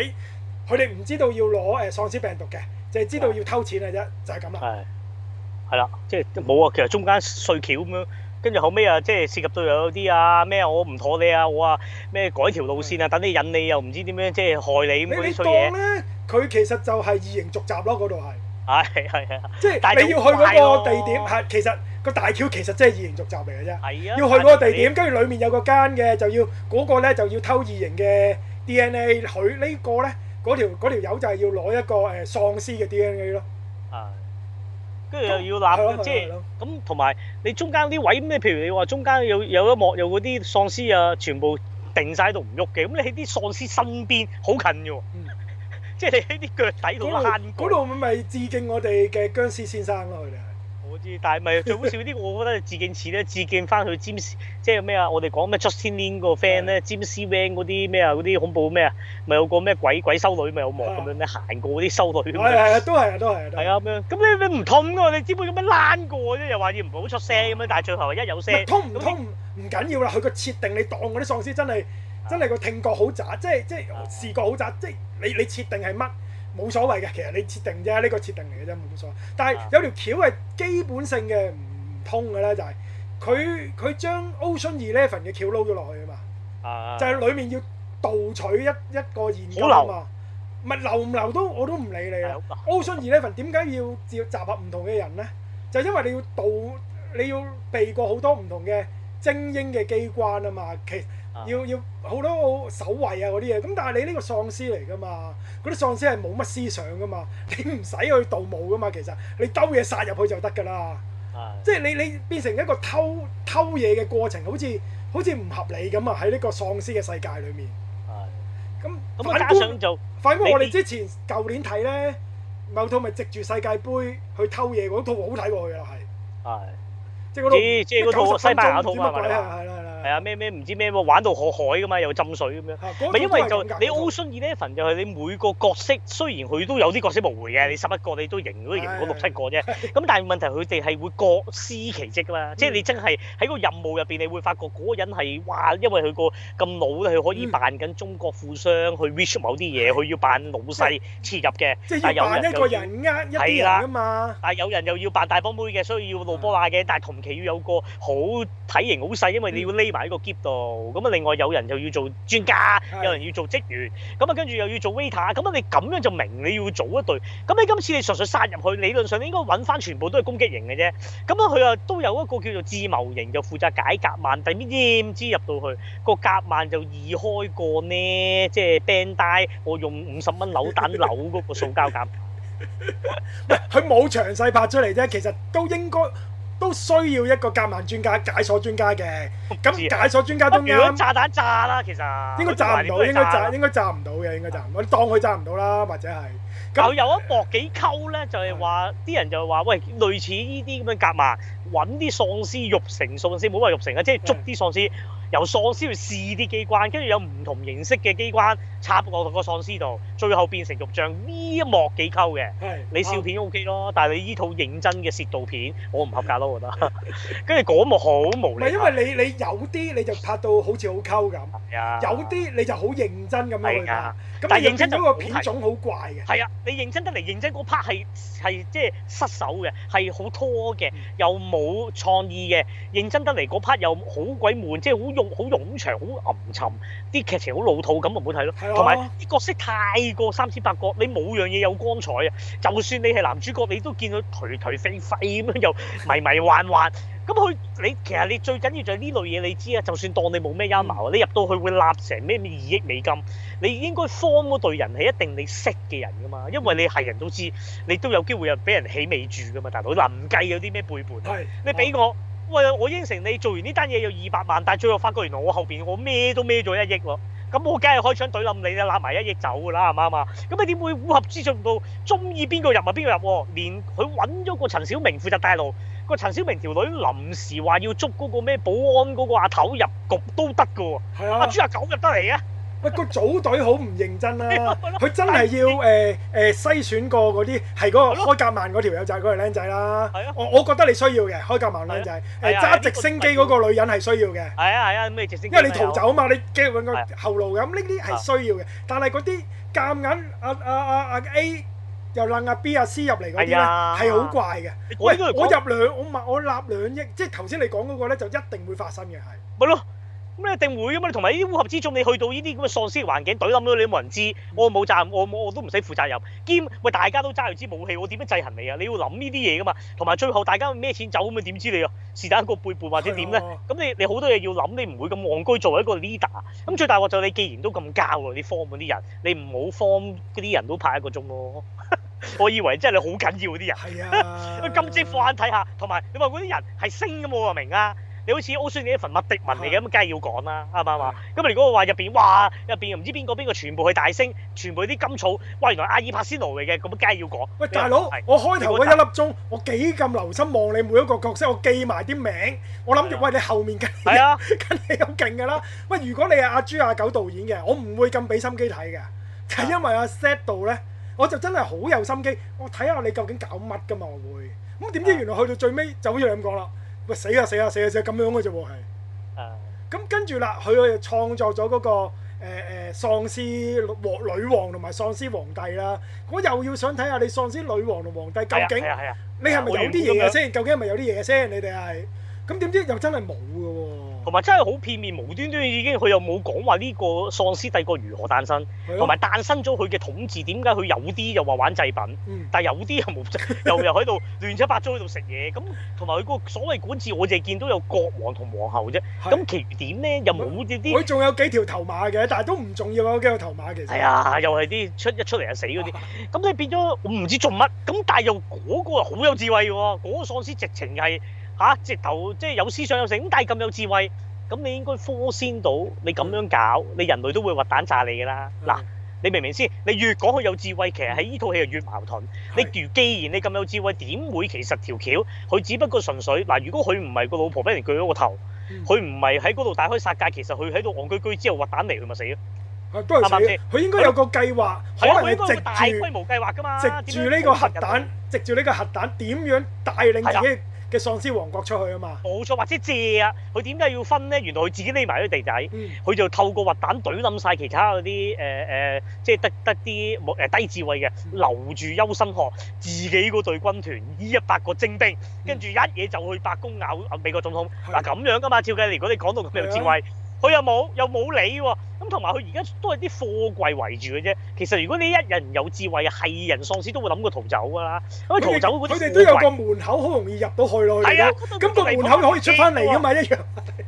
佢哋唔知道要攞誒
喪屍病毒嘅，淨係知道要偷錢啊啫，就係咁啦。係，係啦，即係冇啊。其實中間碎橋咁樣，跟住後尾啊，即係涉及到又有啲啊咩，我唔妥你啊，我話咩改條路線啊，等你引你又唔知點樣，即係害你咁嗰啲衰嘢。咧，佢其實
就係異形續集咯，嗰度係。
係係啊，即係你要去嗰個地點，係其實
個大橋其實即係異形續集嚟嘅啫。係啊，要去嗰個地點，跟住裏面有個間嘅就要嗰個咧就要偷異形嘅 DNA，佢呢個咧嗰條嗰條友就係要攞一個誒喪屍嘅 DNA 咯。啊，跟
住又要攬，即係咁同埋你中間啲位咩，譬如你話中間有有一幕有嗰啲喪屍啊，全部定晒喺度唔喐嘅，咁你喺啲喪屍身邊好近嘅。即係你喺啲腳底度行，嗰度咪致敬我哋嘅僵屍先生咯，佢哋係。我知，但係咪最好笑啲？我覺得致敬詞咧，致敬翻佢 James，即係咩啊？我哋講咩 Justin Lin 個 friend 咧，James Wan 嗰啲咩啊？嗰啲恐怖咩啊？咪有個咩鬼鬼修女咪好忙，咁樣咩行過嗰啲修女。係係啊，都係啊，都係。係啊，咁樣。咁你你唔痛噶？你只不過咁樣攔過啫，又話要唔好出聲咁樣。但係最後一有聲。通唔通？唔緊要啦，佢個設定你當嗰啲喪屍真係
真係個聽覺好渣，即係即係視覺好渣，即你你設定係乜冇所謂嘅，其實你設定啫，呢、這個設定嚟嘅啫，冇所謂。但係有條橋係基本性嘅，唔通嘅咧，就係佢佢將 Ocean Eleven 嘅橋撈咗落去啊嘛，
就係、是、
裡面要盜取一一個現金啊嘛，咪留唔留都我都唔理你啊。 Ocean Eleven 點解要接集合唔同嘅人咧？就係、因為你要盜，你要避過好多唔同嘅精英嘅機關啊嘛，其。要要好多守衞啊、嗰啲嘢，咁但係你呢個喪屍嚟噶嘛？嗰啲喪屍係冇乜思想噶嘛，你唔使去盜墓噶嘛，其實你兜嘢殺入去就得噶啦。即係你你變成一個偷偷嘢嘅過程，好似好似唔合理咁啊！喺呢個喪屍嘅世界裏面。咁
反觀做反觀我哋之前
舊年睇咧，某套咪藉住世界盃去偷嘢嗰套好睇過佢呀，又係。係。
即係嗰套即係嗰套西班牙套啊，係啦。係啊，咩咩唔知咩喎，玩到河海噶嘛，又浸水咁樣，係因為就你 Ocean Eleven 就係你每個角色雖然佢都有啲角色無回嘅，你十一個你都贏都贏到六七個啫。咁但係問題佢哋係會各司其職啦，即係你真係喺個任務入邊，你會發覺嗰個人係哇，因為佢個咁老咧，佢可以扮緊中國富商去 wish 某啲嘢，佢要扮老細切入嘅。即係要扮一個人呃一啲人啊嘛。但係有人又要扮大波妹嘅，所以要露波眼嘅。但係同期要有個好體型好細，因為你要埋喺個夾度，咁啊另外有人就要做專家，是的 有人要做職員，咁啊跟住又要做 waiter，咁啊你咁樣就明你要組一隊。咁你今次你純粹殺入去，理論上你應該揾翻全部都係攻擊型嘅啫。咁啊佢啊都有一個叫做智謀型，就負責解夾萬，第邊焉知入到去，個夾萬就易開過呢？即、就、係、是、Bandai 我用五十蚊扭蛋扭嗰個塑膠夾，
佢冇詳細拍出嚟啫，其實都應該。都需要一個夾萬專家、解鎖專家嘅。
咁解鎖專家都咩啊？如果炸彈炸啦，
其實應該炸唔到炸應炸，應該炸到應該炸唔到嘅應該炸唔到。當佢炸唔到啦，或者
係。咁有,有一博幾溝咧，就係話啲人就係話，喂，類似呢啲咁樣夾萬揾啲喪屍肉成喪屍，冇好話肉成啊，即係捉啲喪屍。嗯由喪屍去試啲機關，跟住有唔同形式嘅機關插落個喪屍度，最後變成肉醬，呢一幕幾溝嘅。Hey, 你笑片 OK 咯，但係你呢套認真嘅攝導片，我唔合格咯，我覺得。跟住嗰幕好無。唔係因為你你
有啲你就拍到好似好溝咁，啊、有啲你就好認真咁樣去但係認真嗰個片種好怪嘅，係
啊！你認真得嚟，認真嗰 part 係係即係失手嘅，係好拖嘅，又冇創意嘅。認真得嚟嗰 part 又好鬼悶，即係好用、好冗長，好吟沉，啲劇情好老套咁，咪好睇咯。同埋啲角色太過三尖八角，你冇樣嘢有光彩啊！就算你係男主角，你都見佢頹頹廢廢咁樣，又迷迷幻幻。咁佢你其實你最緊要就係呢類嘢，你知啊！就算當你冇咩陰謀，你入到去會立成咩二億美金。你應該方嗰隊人係一定你識嘅人㗎嘛，因為你係人都知，你都有機會有俾人起尾注㗎嘛，大佬。嗱唔計有啲咩背叛、啊，你俾我，啊、喂，我應承你做完呢單嘢要二百萬，但係最後發覺原來我後邊我咩都孭咗一億喎，咁我梗係開槍懟冧你啦，攬埋一億走㗎啦，係啱嘛？咁你點會烏合之眾到中意邊個入咪邊個入、啊？連佢揾咗個陳小明負責帶路，大嗰個陳小明條女臨時話要捉嗰個咩保安嗰個阿頭入局都得㗎喎，阿豬阿狗
入得嚟啊！啊。喂，個組隊好唔認真啦！佢真係要誒誒篩選過嗰啲，係嗰個開夾萬嗰條友就係嗰個僆仔啦。我我覺得你需要嘅開夾萬僆仔，誒揸直升機嗰個女人係需要嘅。係啊係啊，咩直
升機？因為你逃走
嘛，你基本個後路咁，呢啲係需要嘅。但係嗰啲夾硬阿阿阿阿 A 又攬阿 B 阿 C 入嚟嗰啲咧，係好怪嘅。我我入兩，我我立兩
億，即係頭先你講嗰個咧，就一定會發生嘅，係咪咯？咩定會嘛？你同埋呢啲烏合之眾，你去到呢啲咁嘅喪屍環境，懟冧咗你都冇人知，我冇責任，我我我都唔使負責任。兼喂大家都揸住支武器，我點樣制衡你啊？你要諗呢啲嘢噶嘛？同埋最後大家咩錢走咁啊？點知你啊？是但一個背叛或者點咧？咁你你好多嘢要諗，你唔會咁戇居作做為一個 leader。咁、嗯、最大鑊就你既然都咁交啊啲 form 嗰啲人，你唔好 form 嗰啲人都派一個鐘咯。 我以為真係你好緊要啲人。係啊，咁即放眼睇下，同埋你話嗰啲人係升嘅冇明啊。你好似 O C 你一份麥迪文嚟嘅，咁梗係要講啦，啱唔啱話？咁如果我話入邊，哇，入邊又唔知邊個邊個，全部去大聲，全部啲甘草，喂，原來阿爾帕斯奴嚟嘅，咁梗係要講。喂，喂喂大佬，我開頭嗰一粒
鐘，我幾咁留心望你每一個角色，我記埋啲名，我諗住，啊、喂，你後面梗係梗係有勁㗎啦。喂，如果你係阿豬阿狗導演嘅，我唔會咁俾心機睇嘅，係、就係、因為阿 Set 導咧，我就真係好有心機，我睇下你究竟搞乜㗎嘛，我會。咁點知原來去到最尾就好似咁講啦。死，死，死啊死啊死啊！就咁樣嘅啫喎，係。咁跟住啦，佢又創造咗嗰個誒誒、呃呃、喪屍女王同埋喪屍皇帝啦。我又要想睇下你喪屍女王同皇帝究竟，啊啊啊、你係咪有啲嘢先？究竟係咪有啲嘢先？你哋係咁點知又真係冇㗎喎？
同埋真係好片面，無端端已經佢又冇講話呢個喪屍帝國如何誕生，同埋的誕生咗佢嘅統治，點解佢有啲又話玩製品，嗯、但係有啲又冇， 又又喺度亂七八糟喺度食嘢。咁同埋佢個所謂管治，我淨係見到有國王同皇后啫。咁的其餘點咧又冇啲啲。佢仲有幾條頭馬嘅，但係都唔重要啊！嗰幾條頭馬其實係啊、哎，又係啲出一出嚟就死嗰啲。咁你、啊、變咗我唔知做乜。咁但係又嗰個好有智慧喎、啊，嗰、嗰個喪屍直情係。嚇！啊、直頭即係有思想有成咁，但係咁有智慧，咁你應該科先到你咁樣搞，你人類都會核彈炸你㗎啦！嗱、嗯，你明唔明先，你越講佢有智慧，其實喺呢套戲係越矛盾。嗯、你如既然你咁有智慧，點會其實條橋佢只不過純粹嗱？如果佢唔係個老婆俾人鉆咗個頭，佢唔係喺嗰度大開殺戒，其實佢喺度戇居居之後核彈嚟，佢咪死
咯？係都係佢，佢應該有個計劃，
可能應該大規模計劃㗎嘛？直住呢個核彈，直住呢個核彈點樣帶領自嘅喪屍王國出去啊嘛，冇錯，或者借啊，佢點解要分咧？原來佢自己匿埋啲地底，佢、嗯、就透過核彈隊冧晒其他嗰啲誒誒，即、呃、係、呃就是、得得啲冇誒低智慧嘅，留住優生學自己嗰隊軍團，依一百個精兵，跟住、嗯、一嘢就去白宮咬美國總統，嗱咁的、啊、樣噶嘛，照計如果你講到咁樣智慧。佢又冇，又冇理喎。咁同埋佢而家都係啲貨櫃圍住嘅啫。其實如果你一人有智慧，係人喪屍都會諗過逃走㗎啦。咁逃走，佢哋都有個
門口，好容易入到去咯。係啊，
咁個門口可以出翻嚟㗎嘛一
樣。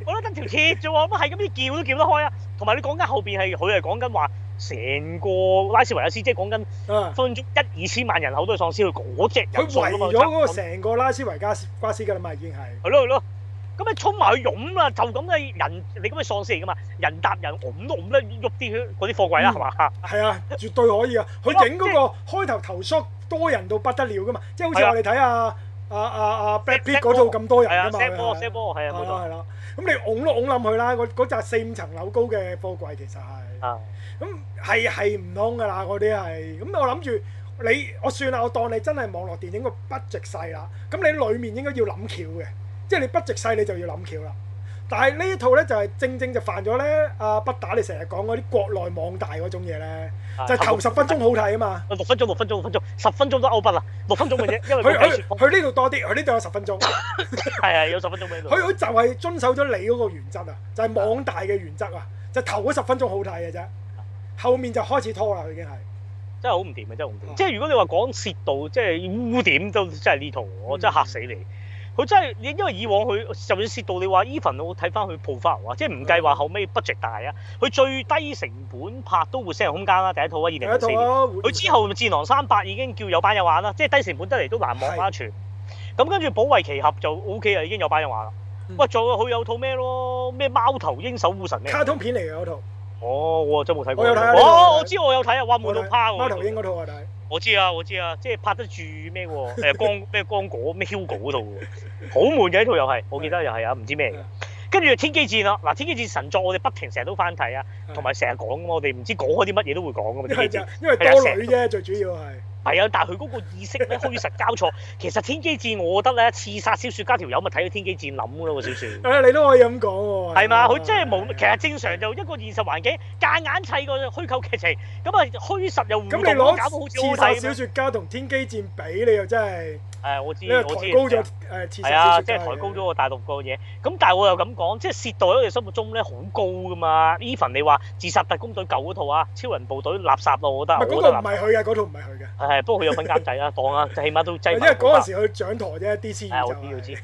我拉緊條鐵啫喎，咁係咁你叫都叫得開啊。同埋你講緊後邊係，佢係講緊話成個拉斯維加斯，即係講緊分足一兩千萬人口都係喪屍，佢嗰隻人數。佢圍咗
成個拉斯維加斯嘅啦嘛，已經係。
好啦，好啦。咁你衝埋去擁啦，就咁你人，你咁嘅喪屍嚟噶嘛？人搭人，擁都唔得，鬱跌佢啲貨櫃啦，係嘛？係啊，
絕對可以啊！佢整嗰個開頭投訴多人到不得了噶嘛，即係好似我哋睇下，啊啊啊 Brad Pitt 嗰套咁多人噶嘛。係啊，set 波
set 波，係啊，冇錯，係啦。
咁你拱都拱冧佢啦，嗰嗰紮四五層樓高嘅貨櫃其實係，咁係係唔通噶啦，嗰啲係。咁我諗住你，我算啦，我當你真係網絡電影個 budget 細啦。咁你裡面應該要諗橋嘅。即係你 budget 細，你就要諗橋啦。但係呢一套咧，就係正正就犯咗咧，阿不打你成日講嗰啲國內網大嗰種嘢咧，就頭十分鐘好睇啊嘛。
六分鐘，六分鐘，六分鐘，
十分鐘都歐畢啦。六分鐘嘅啫，因為佢佢呢度多啲，佢呢度有十分鐘。係啊，有十分鐘喺度。佢佢就係遵守咗你嗰個原則啊，就係網大嘅原則啊，就頭嗰十分鐘好睇嘅啫，後面就開始拖啦。佢已經係
真係好唔掂啊！真係好唔掂。即係如果你話講蝕度，即係污點都真係呢套，我真係嚇死你。佢真係因為以往佢，就算涉到你話 even，我睇翻佢鋪花話，即係唔計話後尾 budget 大啊，佢最低成本拍都會成空間啦，第一套啊，二零零四年。佢之後戰狼三百已經叫有班友玩啦，即係低成本得嚟都難忘翻一串。咁是的 跟住保衞奇俠就 O K 啦，已經有班友玩啦。喂，仲有佢有套咩咯？咩貓頭鷹守護神卡通片嚟嘅嗰套。哦，我真冇睇過。我有睇。哦，我知我有睇啊！哇，冇到蝦喎。貓頭鷹嗰套我知啊，我知啊，即係拍得住咩？誒、 呃，光咩光果咩？Hugo 嗰度，好悶嘅呢套又係，我記得又係啊，唔知咩嚟嘅。 跟住《天機戰》啦，嗱，《天機戰》神作，我哋不停成日都翻睇啊，同埋成日講噶嘛，我哋唔知講開啲乜嘢都會講噶嘛。因為多女
啫，最主要係。
係啊，但係佢嗰個意識咧，虛實交錯， 其實《天機戰》我覺得咧，刺殺小説家條友咪睇到《天機戰》諗咯喎，小説。
你都可以咁講喎。
係嘛？佢即係冇，其實正常就一個現實環境夾硬砌個虛構劇情，咁啊虛實又唔同，搞到好刺殺小説家同《天機戰》
比，你又真係。
誒我知，我知。高咗，係啊，即係抬高咗個大陸個嘢。咁但係我又咁講，即係涉到喺我哋心目中咧好高噶嘛。Even 你話自殺特工隊舊嗰套啊，超人部隊垃圾咯，我覺得。唔係嗰個唔係佢啊，嗰套唔係佢嘅。係不過佢有份監製啦，當啊，就起碼都製。因為嗰
陣時佢掌台啫，DC 我知，我知。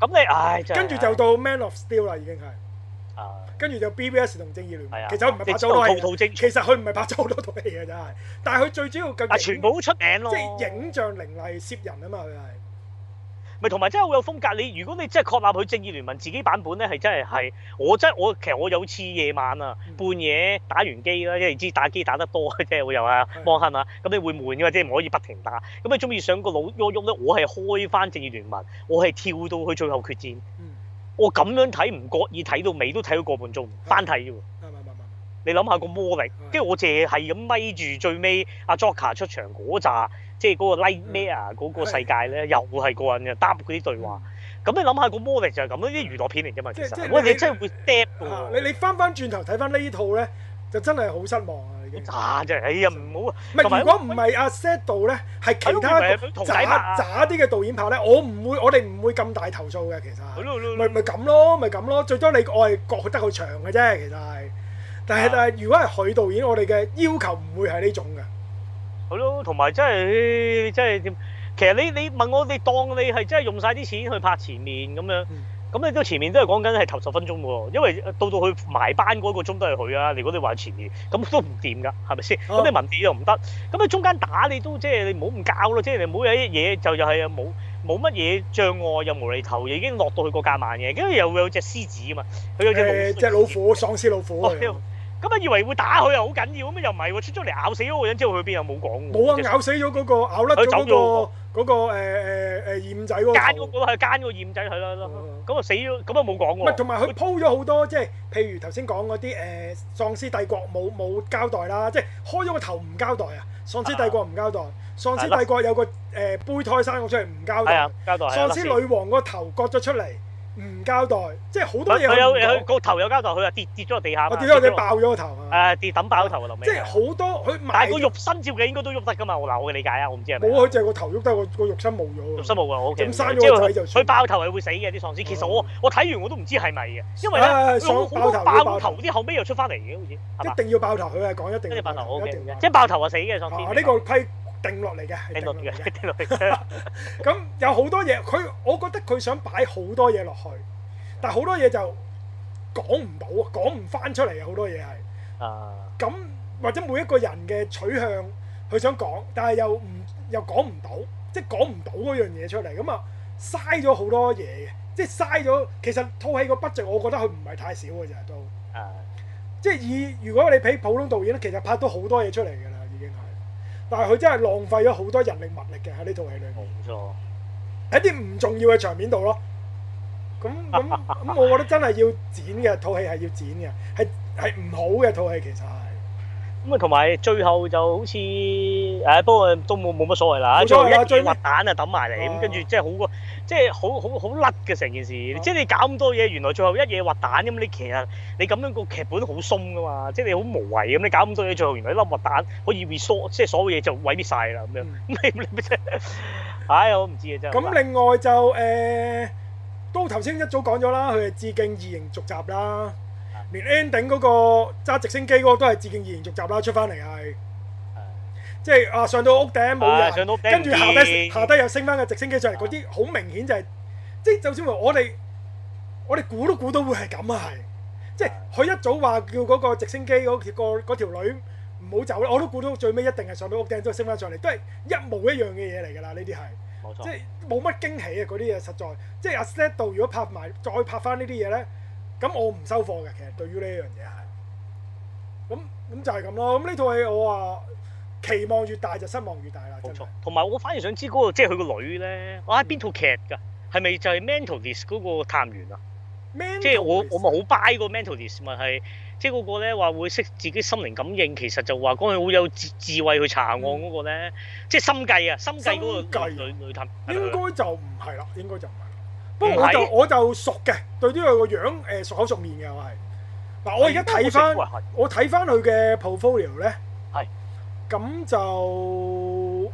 咁你唉，跟住就到
Man of Steel 啦，已經係。啊。跟住就 BBS 同正義聯盟，的其實唔係拍咗好多套，套其實佢唔係拍咗好多套戲啊。真係。但係佢最主要全部都出名咯，即係影像凌厲攝人啊嘛
佢係。咪同埋真係好有風格。你如果你真係確立佢正義聯盟自己版本咧，係真係係我真係我其實我有次夜晚啊，嗯、半夜打完機啦，因為知打機打得多即係會有啊網坑啊，咁的你會悶嘅嘛，即係唔可以不停打。咁你中意上個腦喐喐咧，我係開翻正義聯盟，我係跳到去最後決戰。我咁樣睇唔覺意睇到尾都睇到個半鐘，翻睇啫喎。你諗下個魔力，跟住我淨係咁咪住最尾阿 Joker 出場嗰扎，即係嗰個 Knightmare 嗰個世界咧，又會係個人嘅 dead 嗰啲對話。咁你諗下個魔力就係咁樣，啲娛樂片嚟啫嘛。其實喂，你真係會 dead 喎！你你翻翻轉頭睇
翻呢套咧，就真係好失望。
咋啫！哎呀，唔好
唔係。不有如果唔係阿 set 導咧，係我、啊、其他仔渣渣啲嘅導演拍咧，我唔會我哋唔會咁大投訴嘅。其實咪咪咁咯，咪咁咯。最多你我係覺得佢長嘅啫。其實係，但係但係，了如果係許導演，我哋嘅要求唔會係呢種嘅。
係咯，同埋真係，真係點？其實你你問我哋，當你係真係用晒啲錢去拍前面咁樣。嗯咁你都前面都係講緊係頭十分鐘喎，因為到到去埋班嗰個鐘都係佢啊！如果你話前面，咁都唔掂噶，係咪先？咁、哦、你文字又唔得，咁你中間打你都即係你唔好唔教咯，即係你唔好有啲嘢就又係啊冇冇乜嘢障礙又無厘頭，已經落到去個架慢嘅，跟住又會有隻獅子啊嘛，佢有隻誒
隻老虎，喪、呃、屍老虎。哦
咁啊，以為會打佢又好緊要咁又唔係喎，出咗嚟咬死咗個人之後，佢邊又冇講喎。冇啊，咬死
咗嗰、那個咬甩咗嗰
個嗰、那個誒誒、那個呃、仔喎、嗯。奸嗰個係奸個醜仔佢咯，咁啊、嗯、死咗，咁啊冇講喎。同埋佢 p
咗好多，即係譬如頭先講嗰啲誒喪屍帝國冇冇交代啦，即係開咗個頭唔交代啊，喪屍帝國唔交，交，交代，喪屍帝國有個誒胚、呃、胎生咗出嚟唔交代，喪屍女王個、呃個呃、頭割咗出嚟。.
唔交代，即係好多嘢。佢有佢個頭有交代，佢話跌跌咗落地下。跌咗就爆咗個頭啊！誒，跌抌爆咗頭啊！即係好多佢，但係個肉身照嘅應該都喐得噶嘛。嗱，我嘅理解啊，我唔知係咪，冇
佢淨係個頭喐得，個肉身冇咗。肉身
冇啊！O K。咁生咗鬼佢爆頭係會死嘅啲喪屍，其實我我睇完我都唔知係咪嘅，因為咧有好多爆頭啲，後尾又出翻嚟嘅好似。一
定要爆頭，佢係講一定。一定要爆頭，O K。即係爆頭就
死嘅喪屍。呢個係。定落嚟嘅，定落嚟嘅，定落
嚟嘅，咁有好多嘢，佢我覺得佢想擺好多嘢落去，但係好多嘢就講唔到啊，講唔返出嚟嘅好多嘢係。咁或者每一個人嘅取向，佢想講，但係又唔又講唔到，即係講唔到嗰樣嘢出嚟，咁啊嘥咗好多嘢嘅，即係嘥咗。其實套戲個 budget，我覺得佢唔係太少嘅就係，都。即係以如果你畀普通導演咧，其實拍到好多嘢出嚟嘅。但係佢真係浪費咗好多人力物力嘅喺呢套戲裏面，冇錯，喺啲唔重要嘅場面度咯。咁咁咁，我覺得真係要剪嘅，套戲係要剪嘅，係係唔好嘅套戲其實。
咁啊，同埋最後就好似誒、哎，不過都冇冇乜所謂啦，就錯一夜核彈啊，揼埋嚟咁，跟住即係好過，即係好好好甩嘅成件事。即係、啊、你搞咁多嘢，原來最後一嘢核彈咁。你其實你咁樣個劇本都好鬆噶嘛，即、就、係、是、你好無謂咁。你搞咁多嘢，最後原來一粒核彈可以回梳，即係所有嘢就毀滅晒啦咁樣。你你乜啫？唉、 哎，我唔知啊真係。咁另
外就誒、呃，都頭先一早講咗啦，佢係致敬異形續集啦。連 ending 嗰個揸直升機嗰個都係致敬延續集啦，出翻嚟係，即係啊上到屋頂冇人，上到跟住下低下低又升翻、啊就是、個直升機上嚟，嗰啲好明顯就係，即係就算我我哋我哋估都估到會係咁啊，係，即係佢一早話叫嗰個直升機嗰條女唔好走啦，我都估到最尾一定係上到屋頂之後升翻上嚟，都係一模一樣嘅嘢嚟㗎啦，呢啲係，沒錯 即係冇乜驚喜啊嗰啲嘢，實在，即係阿 set 度如果拍埋再拍翻呢啲嘢咧。咁我唔收貨嘅，其實對於呢樣嘢係，咁咁就係咁咯。咁呢套戲我話期望越大就失望越大啦，冇錯。
同埋是我反而想知嗰、嗰個即係佢個女咧，嗯、我喺邊套劇㗎？係咪就係《Mentalist》嗰個探員啊？即係 Mentalist? 我我好 buy 過《Mentalist》，咪係即係嗰個咧話會識自己心靈感應，其實就話講佢好有智智慧去查案嗰、嗯、個咧，即、就、係、是、心計啊，心計嗰個女
計啊，女女女探應該就唔係啦，應該就唔係。
不過我就我就熟
嘅，對呢個個樣誒、呃、熟口熟面嘅我係，嗱我而家睇翻我睇翻佢嘅 portfolio 咧，係，咁就唔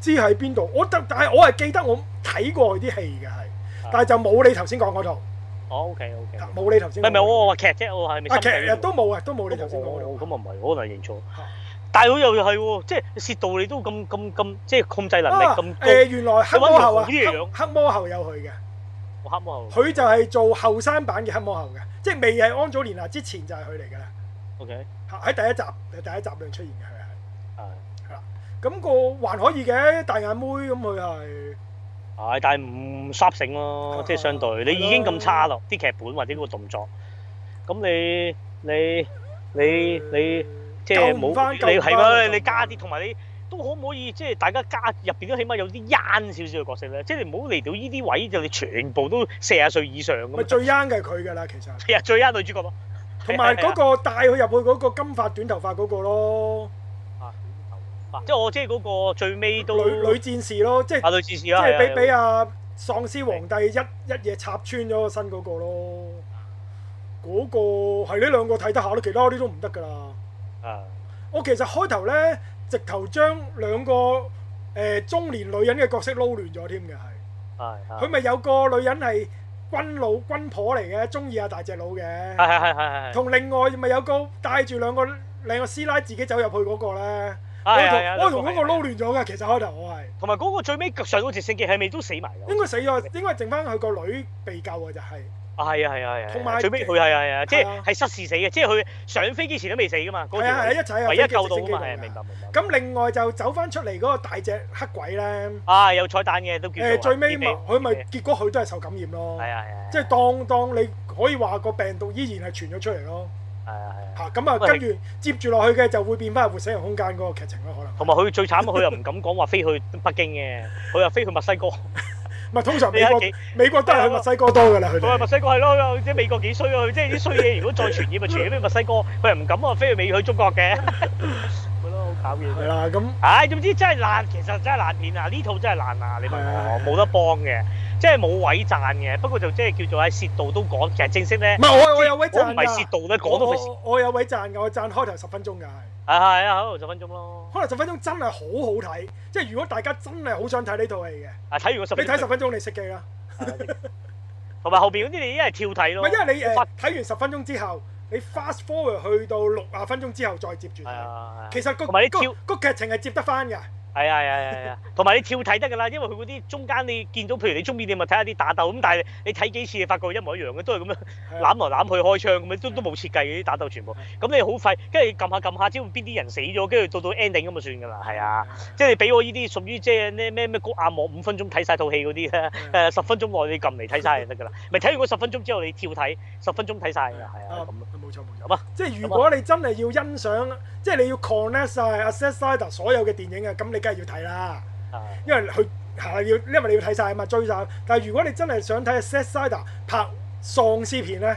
知喺邊度，我但係我係記得我睇過佢啲戲嘅係，是但係就冇你頭
先講嗰套，OK OK，冇、okay, okay, okay. 你頭先，唔係唔係我我話劇啫，我係，啊劇都冇啊，都冇你頭先講，咁啊唔係，哦哦哦哦、我可能認錯。但佢又又係喎，即係説道你都咁咁咁，即係、就是、控制能力咁高。 原來黑魔后啊，
黑魔后有佢嘅，我黑魔后。佢就係做後生版嘅黑魔后嘅，即係未係安祖蓮娜之前就係佢嚟嘅啦。OK，喺第一集，第一集裏出現嘅佢係。係、uh.。係、那、啦、個，咁個還可以嘅大眼妹，咁佢係。
係、啊，但係唔醒咯，即係相對，啊、對你已經咁差咯，啲、那個、劇本或者個動作。咁你你你你？即係冇你係嘛？你你加啲，同埋你都可唔可以即係大家加入面都起碼有啲 young 少少嘅角色咧？即係你唔好嚟到呢啲位就你全部都四啊歲以上咁。咪最
young 嘅係佢㗎啦，其
實係啊，最 young 女主角咯，同埋嗰個帶佢入去
嗰個金髮短頭髮嗰個咯。啊，短頭
髮。即係我即係嗰個最尾都。女女戰士咯，即係即係俾俾
阿喪屍皇帝一一嘢插穿咗身嗰個咯。嗰個係呢兩個睇得下咯，其他啲都唔得㗎啦。啊！我其實開頭咧，直頭將兩個誒中年女人嘅角色撈亂咗添嘅，係。係。
佢咪
有個女人係軍佬軍婆嚟嘅，中意阿大隻佬嘅。係係係係。
同另
外咪有個帶住兩個兩個師奶自己走入去嗰個咧，我同我同嗰個撈亂咗嘅，其實開頭我
係。同埋嗰個最尾上嗰架直升機係咪都死埋？
應該死咗，應該剩翻佢個女被救嘅就係。
啊，係啊，係啊，係啊，最尾佢係啊，係啊，即係係失事死嘅，即係佢上飛機前都未死噶嘛，嗰時唯一救到啊嘛，係明白明白。
咁另外就走翻出嚟嗰個大隻黑鬼咧，
啊，有彩蛋嘅都叫，誒最尾咪佢咪
結果佢都係受感染咯，係啊係啊，即係當當你可以話個病毒依然係傳咗出嚟咯，係啊係啊，咁啊跟住接住落去嘅就會變翻活死人空間活死人兇間嗰個劇情
咯，可能。同埋佢最慘啊！佢又唔敢講話飛去北京嘅，佢又飛去墨西哥。笑
咪通常美
國美國都係去墨西哥多㗎啦，佢。佢話墨西哥係咯，即係美國幾衰啊？佢即係啲衰嘢，如果再傳染咪傳俾墨西哥，佢又唔敢啊！飛去美去中國嘅，咪咯，好搞嘢。係啦，咁。唉，總之真係爛，其實真係爛片啊！呢套真係爛啊！你冇得幫嘅，即係冇位賺嘅。不過就即係叫做喺蝕度都講，其實正式咧。唔係我我有位賺啊！唔係蝕度都講都。我我有位賺㗎，
我賺開頭十分鐘㗎。
啊係啊，可能、啊、十分鐘咯。
可能十分鐘真係好好睇，即係如果大家真係好想睇呢套戲嘅，
睇、啊、完十，你睇十分鐘你熄機啦。同埋、啊、 後邊嗰啲你因為跳睇咯。唔係因為你誒，
睇發、呃、完十分鐘之後，你 fast forward 去到六十分鐘之後再接住。啊啊、其實、嗰個、嗰個嗰個劇情係接得翻㗎。
係啊係啊係啊係啊，同埋、啊啊啊、你跳睇得㗎啦，因為佢嗰啲中間你見到，譬如你中意你咪睇下啲打鬥咁，但係你睇幾次你發覺一模一樣嘅，都係咁樣攬來攬去開槍咁樣，都都冇設計啲打鬥全部。咁你好快，跟住撳下撳下，知道邊啲人死咗，跟住到到 ending 咁就算㗎啦，係啊。即係你俾我呢啲屬於即係咩咩咩高壓網，五分鐘睇晒套戲嗰啲咧，誒十、啊啊、分鐘內你撳嚟睇晒就得㗎啦。咪睇、啊、完嗰十分鐘之後你跳睇，十分鐘睇晒㗎係啊，冇錯冇錯。即係錯如果你真
係要欣賞，即係你要 connect 曬 Zack Snyder 的所有嘅電影嘅，咁你，梗係要睇啦，因為佢係要，因為你要睇晒啊嘛，追晒。但係如果你真係想睇《Zack Snyder》拍喪屍片咧，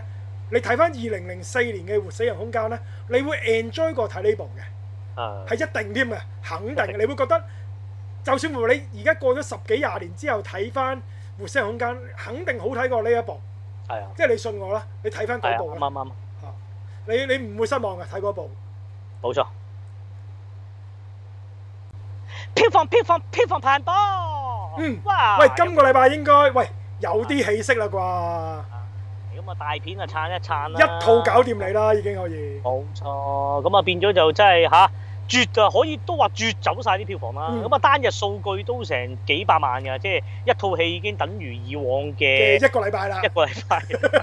你睇翻二零零四年嘅《活死人兇間》咧，你會 enjoy 過睇呢部嘅，係、嗯、一定添嘅，肯定。嗯、你會覺得，就算乎你而家過咗十幾廿年之後睇翻《活死人兇間》，肯定好睇過呢一部。係啊、哎呀，即係你信我啦，你睇翻嗰部，啱啱、哎。啊，你你唔會失望嘅，睇嗰部。冇錯。票房票房票房拍多，嗯，哇！喂，今個禮拜應該喂有啲起色啦啩？
咁啊，大片啊，撐一撐啦，一套搞掂你啦，已經可以。冇錯，咁啊，變咗就真係吓，絕噶，可以都話絕走晒啲票房啦。咁、嗯、啊，單日數據都成幾百萬噶，即係一套戲已經等於以往嘅一個禮拜啦，一個禮拜，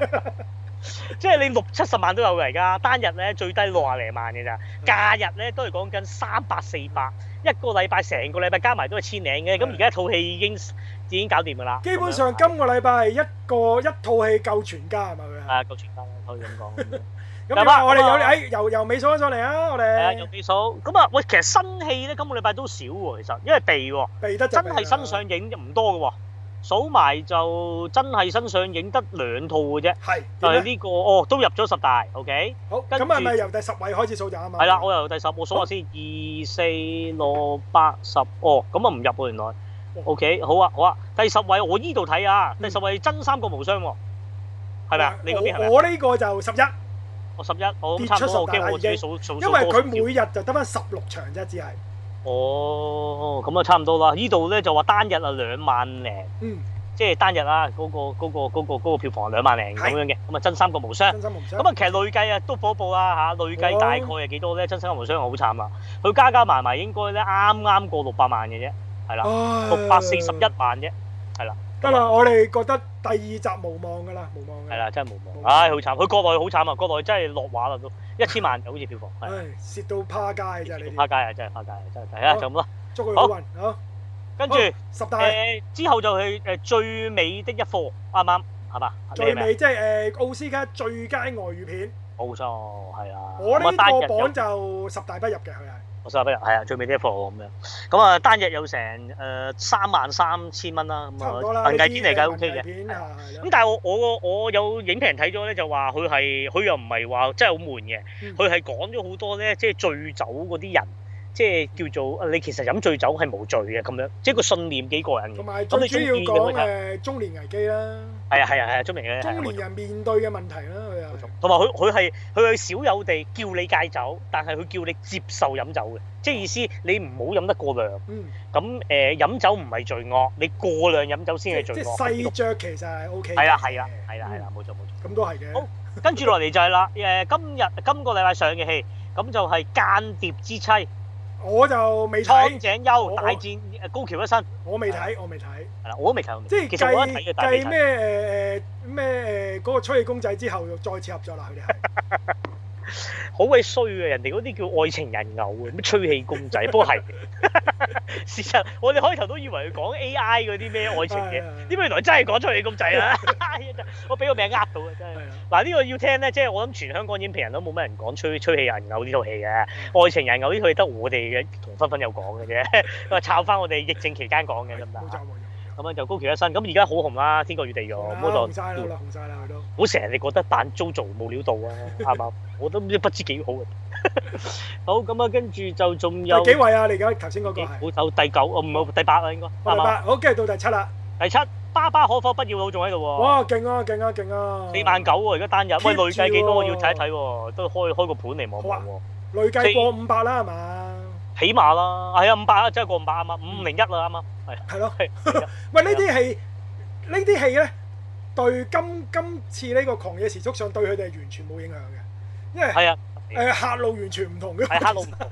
即係你六七十萬都有噶，而家單日咧最低六廿零萬嘅咋，假日咧都係講緊三百四百。一個禮拜成個禮拜加埋都係千零嘅，咁而家一套戲已經已經搞掂噶啦。基本
上今個禮拜係一個一套戲夠全家係咪啊？係
夠全家可以咁講。咁啊我哋有誒
由由尾數翻
上嚟啊我哋。係啊用尾數。咁啊喂，其實新戲咧今個禮拜都少喎，其實，因為避喎，避得真係新上映唔多嘅喎。數埋就真係身上影得兩套嘅啫，係，就係呢個哦，都入咗十大，OK。好，咁
係咪由第十位開始數就係嘛？係啦，
我由第十我數下先，二四六八十，哦，咁啊唔入喎原來，OK，好啊好啊，第十位我依度睇啊，第十位真三個無雙喎，係咪啊？你嗰邊係我呢個就十一，我十一，我差唔多，我因為佢每日
就得翻十六場啫，只係。
哦，咁啊、oh, 差唔多啦，呢度咧就話單日啊兩萬零，嗯、即係單日啊、嗰、嗰個、嗰個、嗰個、嗰個票房係兩萬零咁樣嘅，咁啊的真三國無雙，咁啊其實累計啊都火爆啦吓，累計大概係幾多咧？Oh. 真三國無雙好慘啊。佢加加埋埋應該咧啱啱過六百萬嘅啫，係啦，六百四十一萬啫，係啦。
得啦！我哋覺得第二集無望㗎啦，無望嘅。係
啦，真係無望。唉，好慘，佢國內好慘啊！國內真係落畫啦都，一千萬，好似票房。係蝕到趴街，真係趴街啊！真係。啊，就咁啦。祝佢好運。啊！跟住十大，之後就去誒醉美的一課，啱啱？係嘛？醉美
即係誒奧斯卡最佳外語片。
冇錯，係啊。我呢個榜就十大不入嘅佢係。我收翻入，係啊，最尾呢啲貨咁樣，咁、嗯、啊單日有成誒三萬三千蚊啦，咁、呃、啊，33，嗯、文藝片嚟㗎，O K 嘅。咁的但係我我我有影評睇咗咧，就話佢係佢又唔係話真係好悶嘅，佢係講咗好多咧，即係醉酒嗰啲人。即係叫做你其實飲醉酒係冇罪嘅咁樣，即係個信念幾過癮嘅。同埋最主要講
誒中年危機啦。
係啊係啊係啊，都明嘅。中年人
面對嘅問題啦，佢啊。冇錯。
同埋佢佢係佢係少有地叫你戒酒，但係佢叫你接受飲酒嘅，即係意思你唔好飲得過量。咁誒飲酒唔係罪惡，你過量飲酒先係罪惡。即係細酌其實係 O K。係啊係啊係啊係啊，冇錯冇錯。咁都係嘅。好，跟住落嚟就係啦誒，今日今個禮拜上嘅戲咁就係《間諜之妻》。我就未睇蒼井優大戰誒高橋一生，我未睇，我未睇。係啦，的我都未睇即。即係繼繼咩
咩嗰個吹氣公仔之後，又再次合作啦，佢哋係。
好鬼衰嘅，人哋嗰啲叫愛情人偶咩吹氣公仔？不過係， 事實我哋開頭都以為佢講 AI 嗰啲咩愛情嘅，點解對原來真係講吹氣公仔 我我對啊？我俾個名呃到啊！真係嗱，呢個要聽咧，即係我諗全香港影評人都冇乜人講吹吹氣人偶呢套戲嘅，對愛情人偶呢套戲得我哋嘅同芬芬有講嘅啫，咁啊抄翻我哋疫症期間講嘅得唔得？咁啊，就高企一新，咁而家好紅啦，天國與地獄。紅曬啦，紅曬啦，都。好成日你覺得扮做做無料到啊，係嘛？我都唔知幾好。好咁啊，跟住就仲有幾位啊？你而家頭先嗰個好到第九啊，唔好，第八啊，應該。第八好，跟住到第七啦。第七，爸爸可否不要老仲喺度喎？哇！勁啊，勁啊，勁啊！四萬九喎，而家單日。喂，累計幾多？我要睇一睇喎，都開開個盤嚟望望喎。
累計過五百啦，係嘛？
起碼啦，係啊，五百啊，真係過五百啊嘛，五五零一啦，啱啱，係。 係咯，
喂，呢啲戲， 戲，呢啲戲咧，對今今次呢個狂野時速上，對佢哋係完全冇影響
嘅，因為係啊，誒的 客路完全唔同嘅。係的 客路唔同。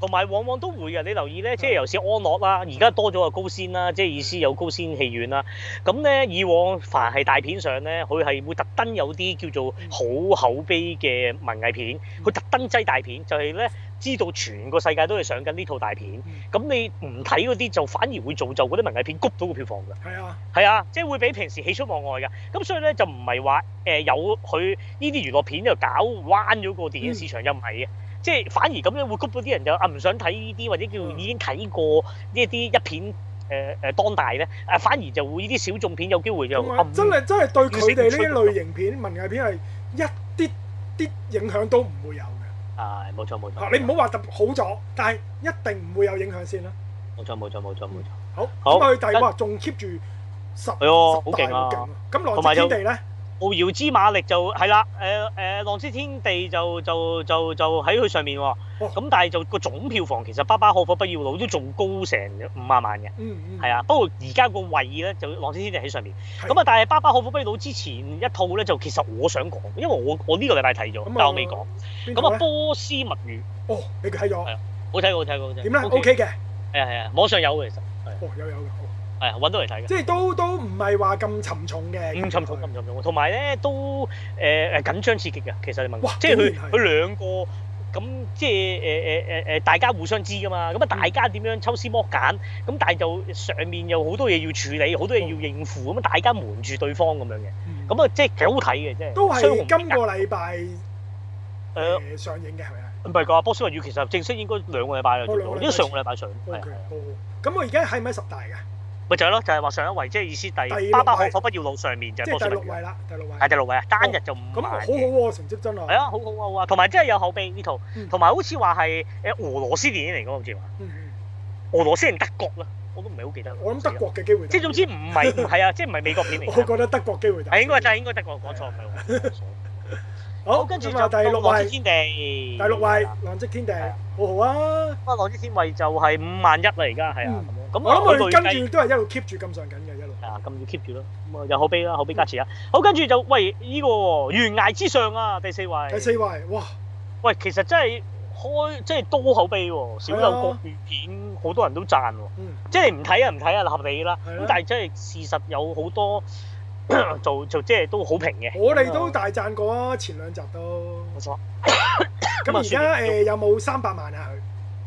同埋往往都會嘅，你留意咧，即係尤其是安樂啦，而家多咗個高仙啦，即係意思有高仙戲院啦。咁咧以往凡係大片上咧，佢係會特登有啲叫做好口碑嘅文藝片，佢特登擠大片，就係、是、咧知道全個世界都係上緊呢套大片，咁、嗯、你唔睇嗰啲就反而會造就嗰啲文藝片谷到個票房㗎。係啊、嗯，係啊，即係會比平時喜出望外㗎。咁所以咧就唔係話誒有佢呢啲娛樂片就搞彎咗個電影市場，嗯、又唔係嘅。即係反而咁樣會谷到啲人就啊唔想睇呢啲，或者叫已經睇過呢一啲一片誒誒、呃、當大咧啊，反而就會呢啲小眾片有機會，就真係真係對佢哋呢一類
型片、文藝片係一啲啲影響都唔會有嘅。係
冇錯冇錯。錯你
唔好話突好咗，但係一定唔會有影響先啦。
冇錯冇錯冇錯冇錯。錯錯錯
好咁啊！佢第二話仲 keep 住
十十大喎。咁內地片地咧。有無妖之馬力就係啦，誒誒《浪跡天地》就就就就喺佢上面喎，咁但係就個總票房其實《爸爸可否不要老》都仲高成五啊萬嘅，係啊，不過而家個位咧就《浪跡天地》喺上面，咁啊但係《爸爸可否不要老》之前一套咧就其實我想講，因為我我呢個禮拜睇咗，但我未講，咁啊《波斯物語》哦，你睇咗？係啊，我睇過，好睇過，點解？O K 嘅，係啊係啊，網上有嘅其實，哦有有。係啊，揾到嚟睇嘅，即係都都唔係話咁沉重嘅，唔沉重，咁沉重。同埋咧都誒誒緊張刺激嘅，其實你問，即係佢佢兩個咁即係誒誒誒誒，大家互相知㗎嘛。咁啊，大家點樣抽絲剝繭？咁但係就上面有好多嘢要處理，好多嘢要應付，咁大家瞞住對方咁樣嘅。咁啊，即係幾好睇嘅，即係。都係
今個禮拜誒上
映嘅係咪啊？唔係㗎，波斯文與其實正式應該兩個禮拜啦，因為上個禮拜上係啊。咁我而家係咪十大㗎？咪就係咯，就係話上一位，即係意思第巴巴可否不要路上面就係第六位啦，第六
位
係第六位啊，單日就五萬。咁好好
喎，成績真係。係啊，好好啊，同埋
真係有口碑呢套，同埋好似話係誒俄羅斯電影嚟嘅，好似話。俄羅斯人、德國咧？我都唔係好記得。我諗德國嘅機會大。即係總之唔係，係啊，即係唔係美國片嚟。我覺得德國機會大。係應該，就應該德國。講錯唔係我好，跟住就第六位。藍色天地。第六位。藍色天地，好好啊！不過，藍色天位就係五萬一啦，而家係啊。我諗佢跟住都係一路 keep 住咁上緊嘅一路。係啊，咁要 keep 住咯。咁啊，有口碑啦，口碑加持啦。好，跟住就喂，呢個懸崖之上啊，第四位。第四位，哇！喂，其實真係開，即係多口碑喎。少有國片好多人都讚喎。即係唔睇啊，唔睇啊，合理啦。咁但係真係事實有好多就就即係都好評嘅。我哋都
大讚過啊，前兩集都。冇錯。
咁而家誒有冇三百萬啊？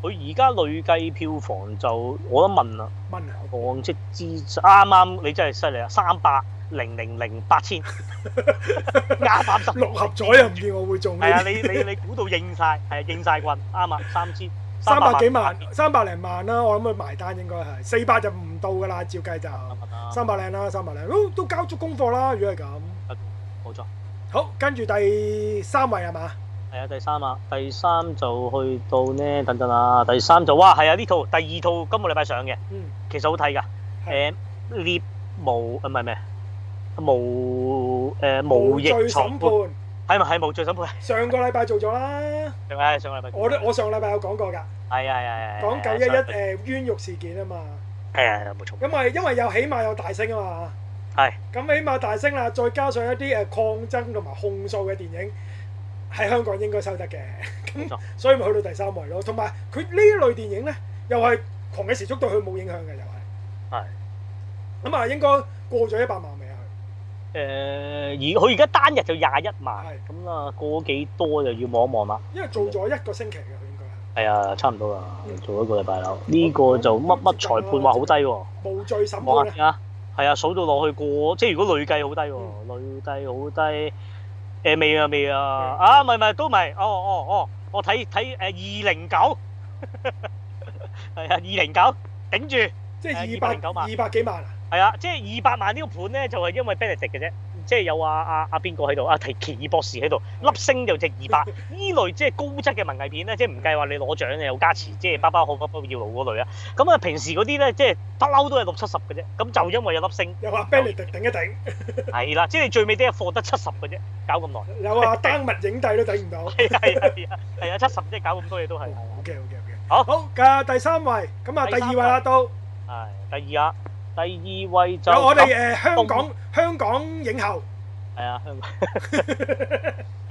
佢而家累計票房就，我得問啦，黃即資啱啱你真係犀利啊，三百零零零八千，
啱八十六
合彩又唔見我會做咩？係啊，你你你估到應曬，係應晒棍，啱啊，三千三百幾萬，
三百零萬啦，我諗佢埋單應該係四百就唔到噶啦，照計就三百啦，三百零啦，三百零都都交足功課啦，如果係咁，
冇錯。好，
跟住第三位係嘛？
係啊，第三啊，第三就去到呢，等等啊，第三就哇，係啊，呢套第二套今個禮拜上嘅，嗯，其實好睇噶誒，獵無誒唔係咩？無誒無罪審判，係咪係無罪審判？上個禮拜做咗啦，誒，上個禮拜，我
都我上個禮拜有講過噶，係啊
係啊，講九一一誒
冤獄事件啊嘛，
係啊，冇錯，因
為因為有起碼有大聲啊嘛，係，咁起碼大聲啦，再加上一啲誒抗爭同埋控訴嘅電影。喺香港應該收得嘅，咁所以咪去到第三位咯。同埋佢呢類電影咧，又係狂嘅時速對佢冇影響嘅，又
係。
係。咁啊，應該過咗一百萬未啊？
誒，而佢而家單日就廿一萬，咁啊，過幾多又要望一望啦。因為做咗一個星期嘅佢應該。係啊，差唔多啦，做咗一個禮拜喇。呢個就乜乜裁判話好低喎。無罪審判啊！係啊，數到落去過，即係如果累計好低喎，累計好低。誒、欸、未，未啊未，未、哦哦哦呃、 啊啊唔唔係都唔係，哦哦哦我睇睇，誒二零九，係啊二零九頂住，即係是、呃、二百二百幾萬啊，係啊，即係二百萬個盤呢個盤咧就係、是、因為 Benedict 嘅啫。即係有阿阿阿邊個喺度？阿、啊、提奇爾博士喺度，粒星就值二百。依 類即係高質嘅文藝片咧，即係唔計話你攞獎你有加持，即係包包好，不不要路嗰類啊。咁啊，平時嗰啲咧，即係不嬲都係六七十嘅啫。咁就因為有粒星，有阿 Benedict 頂一頂，係 啦，即係最尾都係貨得七十嘅啫，搞咁耐。 有啊，
丹麥影帝都頂唔到，
係啊係啊，係啊七十即係搞咁多嘢都係。哦、okay, okay, okay. 好
嘅好嘅好嘅，好好嘅第三位，咁啊第二位啊到，
係、哎、第二啊。第二位就我哋誒香港香港影後係啊香港，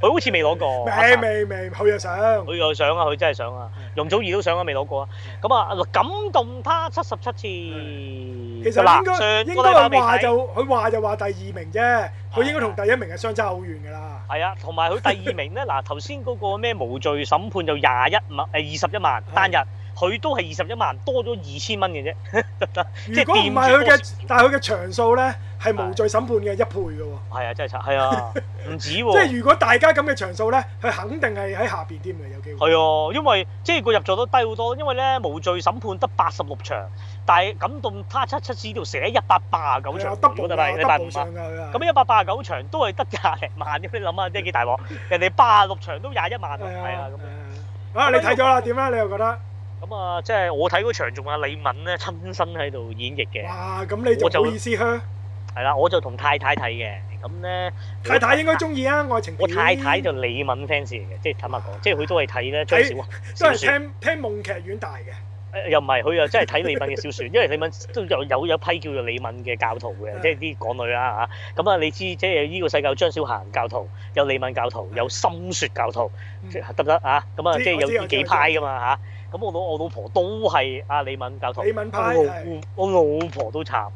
佢好似未攞過，未未未又上，佢又上啊！佢真係上啊！容祖兒都上啊，未攞過啊！咁啊，感動他七十七次，其實應該應該話話就
佢話就話第二名啫，佢應該同第一名係相差好遠㗎啦。
係啊，同埋佢第二名咧，嗱頭先嗰個咩無罪審判就廿一萬誒二十一萬單日。佢都係二十一萬，多咗二千蚊嘅啫。如果唔係佢嘅，
但係佢嘅場數咧係無罪審判嘅一倍
嘅喎。係啊，真係慘。係啊，唔止喎。即係
如果大家咁嘅場數咧，佢肯定係喺下
邊啲嘅有機會。係啊，因為即係個入座都低好多，因為咧無罪審判得八十六場，但係咁到他七七線條成一百八十九場。得冇得啦，得冇得啦。咁一百八十九場都係得廿零萬啫。你諗下，即係幾大鑊？人哋八十六場都廿一萬喎。係啊，咁樣。啊，你睇咗
啦？點咧？你又覺得？
咁啊，即係我睇嗰場仲有李敏咧親身喺度演繹嘅。哇！咁你做唔好意思呵？係啦，我就同太太睇嘅。咁咧，太太應該中意啊，愛情小。我太太就李敏 fans 嚟嘅，即係坦白講，即係佢都係睇咧張小。睇都係聽
聽夢劇院大嘅。
誒又唔係，佢又真係睇李敏嘅小說，因為李敏都有有一批叫做李敏嘅教徒嘅，即係啲港女啦。嚇。咁啊，你知即係呢個世界有張小嫻教徒，有李敏教徒，有深雪教徒，得唔得啊？咁啊，即係有呢幾派噶嘛嚇。咁我老我老婆都係阿李敏教徒，李敏派，我老婆都插，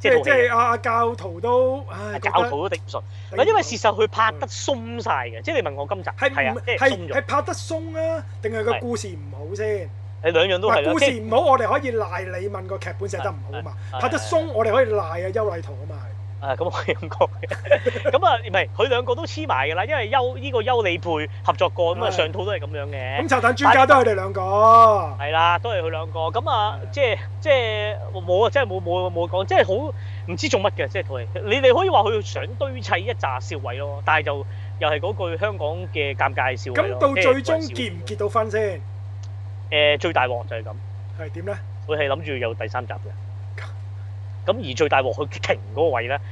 即係即係阿教徒都唉，教徒都頂唔順。嗱，因為事實佢拍得鬆晒嘅，即係你問我今集係啊，即係拍得鬆啊，
定係個故事唔好
先？誒兩樣都係。故事
唔好，我哋可以賴李敏個劇本寫得
唔好啊嘛。拍得
鬆，我哋可以賴啊邱禮濤啊嘛。
誒咁我係咁講嘅，咁啊唔係佢兩個都黐埋㗎啦，因為優呢個優理配合作過，咁啊上套都係咁樣嘅。咁拆彈專家都係佢哋兩個。係啦，都係佢兩個。咁啊，即係即係我冇啊，即係冇冇冇講，即係好唔知做乜嘅，即係佢。你哋可以話佢想堆砌一紮笑位咯，但係就又係嗰句香港嘅尷尬笑。咁到最終結唔結到婚先？誒最大鑊就係咁。係點咧？佢係諗住有第三集嘅。咁而最大鑊去停嗰個位咧，的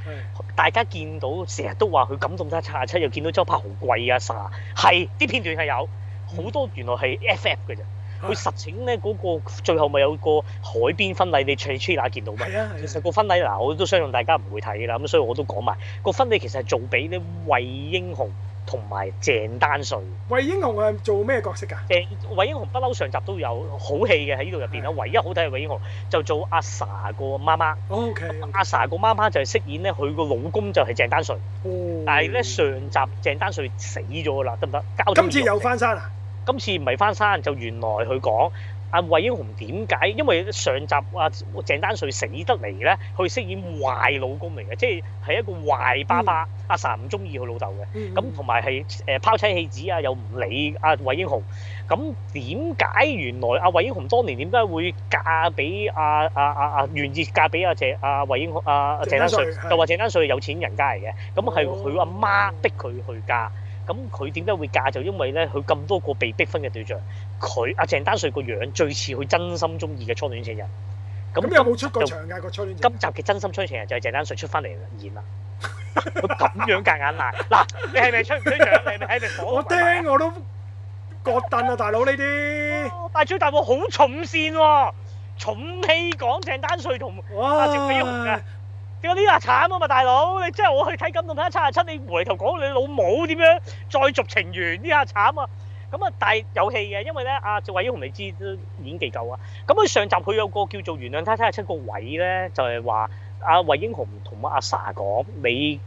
大家見到成日都話佢感動得七廿七，又見到周柏豪貴啊啥，係啲片段係有好、嗯、多原來係 FF 嘅啫。佢、啊、實情咧嗰、那個最後咪有個海邊婚禮，你 Trina 見到乜？其實個婚禮嗱，我都相信大家唔會睇啦。咁所以我都講埋個婚禮其實係做俾啲魏英雄。同埋鄭丹瑞、惠英紅係做咩角色㗎？誒、呃，惠英紅不嬲上集都有好戲嘅，喺呢度入邊啦，裡裡面的唯一好睇係惠英紅就做阿 Sa 個媽媽。O Okay , K，okay. 阿 Sa 個媽媽就係飾演咧，佢個老公就係鄭丹瑞。哦、但係咧上集鄭丹瑞死咗啦，得唔得？今次又翻山啊？今次唔係翻山，就原來佢講。阿魏、啊、英雄點解？因為上集阿、啊、鄭丹瑞死得嚟咧、嗯，佢飾演壞老公嚟嘅，即係係一個壞爸爸。阿 Sam 唔中意佢老豆嘅，咁同埋係誒拋妻棄子啊，爸爸嗯嗯、又唔理阿魏英雄。咁點解原來阿魏英雄當年點解會嫁俾阿阿阿阿願意嫁俾阿鄭阿魏英雄阿鄭丹瑞？就話鄭丹瑞有錢人家嚟嘅，咁係佢阿媽逼佢去嫁。哦哦。咁佢點解會嫁就因為咧，佢咁多個被逼婚嘅對象，佢阿鄭丹瑞個樣最似佢真心中意嘅初戀情人。咁、嗯嗯、今有冇出過場㗎？個初戀情人。今集嘅真心初戀情人就係鄭丹瑞出翻嚟演啦。佢咁 樣夾硬賴嗱、啊，你係咪出唔出場？你係咪火？ 我聽我都割凳啊，大佬呢啲。大追大步好重線喎、哦，重氣講鄭丹瑞同阿謝非凡。啊。點解呢下慘啊嘛，大佬！你即係我去睇《感動》睇《她77次》，你回頭講你老母點樣再續情緣？呢下慘啊！咁啊，但係有戲嘅，因為咧啊，魏英雄你知都演技夠啊。咁、嗯、佢上集佢有個叫做《原諒他77次》個位咧，就係話阿魏英雄同阿 Sa 講你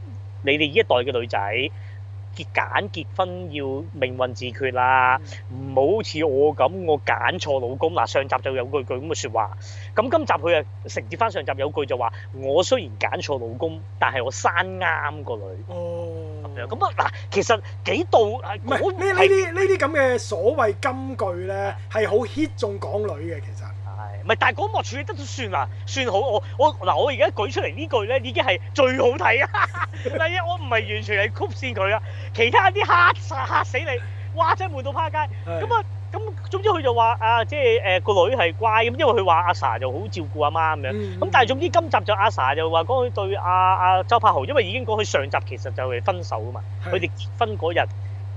你哋呢一代嘅女仔。結簡結婚要命運自決啦，唔好好似我咁，我揀錯老公嗱。上集就有句句咁嘅説話，咁今集佢啊承接翻上集有句就話：我雖然揀錯老公，但係我生啱個女。
哦，咁樣咁啊嗱，
其實幾度唔係呢？呢啲
呢啲咁嘅所謂金句咧，係好、
嗯、hit 中港女嘅其實。但係嗰幕處理得都算啊，算好我我嗱，我而家舉出嚟呢句咧，已經係最好睇啊！第一，我唔係完全係曲線佢啊，其他啲嚇曬死你，哇真係悶到趴街。咁啊咁，總之佢就話啊，即係誒、呃、個女係乖咁，因為佢話阿 Sa 就好照顧阿媽咁樣。咁、嗯嗯、但係總之今集就阿 Sa 就話講佢對阿、啊、阿、啊、周柏豪，因為已經過去上集其實就係分手啊嘛，佢哋是的 結婚嗰日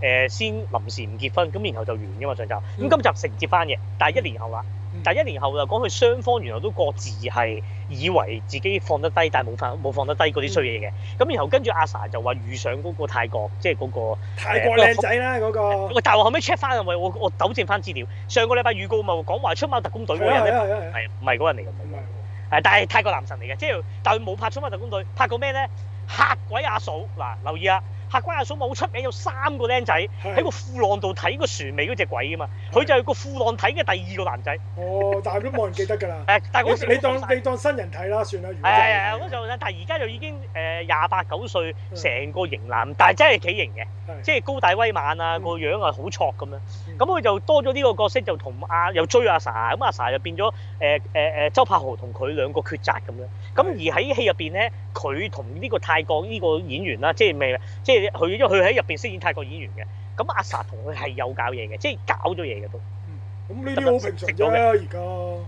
誒先臨時唔結婚，咁然後就完噶嘛上集。咁今集承接翻嘅，但係一年後啦。但一年後就講佢雙方原來都各自係以為自己放得低，但係冇放冇放得低嗰啲衰嘢嘅。咁、嗯、然後跟住阿 Sa、啊、就話遇上嗰個泰國，即係嗰、嗰個泰國靚仔啦，嗰個 check。喂，但係我後尾 check 翻啊，咪我我糾正翻資料。上個禮拜預告咪講話《出馬特工隊》喎， 係唔係嗰人嚟㗎？係， mean, 但係泰國男神嚟嘅，即係但係佢冇拍《出馬特工隊》，拍過咩咧？嚇鬼阿嫂嗱，留意啊！拍《關阿嫂》冇出名，有三個僆仔喺個褲浪度睇個船尾嗰隻鬼啊嘛！佢就係個褲浪睇嘅第二個男仔。
哦，但係都冇人記得㗎
啦。誒，但係你當你當新
人睇啦，算啦。係
係係，但係而家就已經誒廿八九歲，成個型男，但係真係幾型嘅，即係高大威猛啊，個樣啊好挫咁樣。咁佢就多咗呢個角色，就同阿又追阿 Sa，咁阿 Sa 就變咗誒誒誒周柏豪同佢兩個抉擇咁樣。咁而喺戲入邊咧，佢同呢個泰國呢個演員啦，即係未即係。佢因為佢喺入邊飾演泰國演員嘅，咁阿 Sa 同佢係有搞嘢嘅，即係搞咗嘢嘅都。嗯，咁呢啲食咗咩？而家。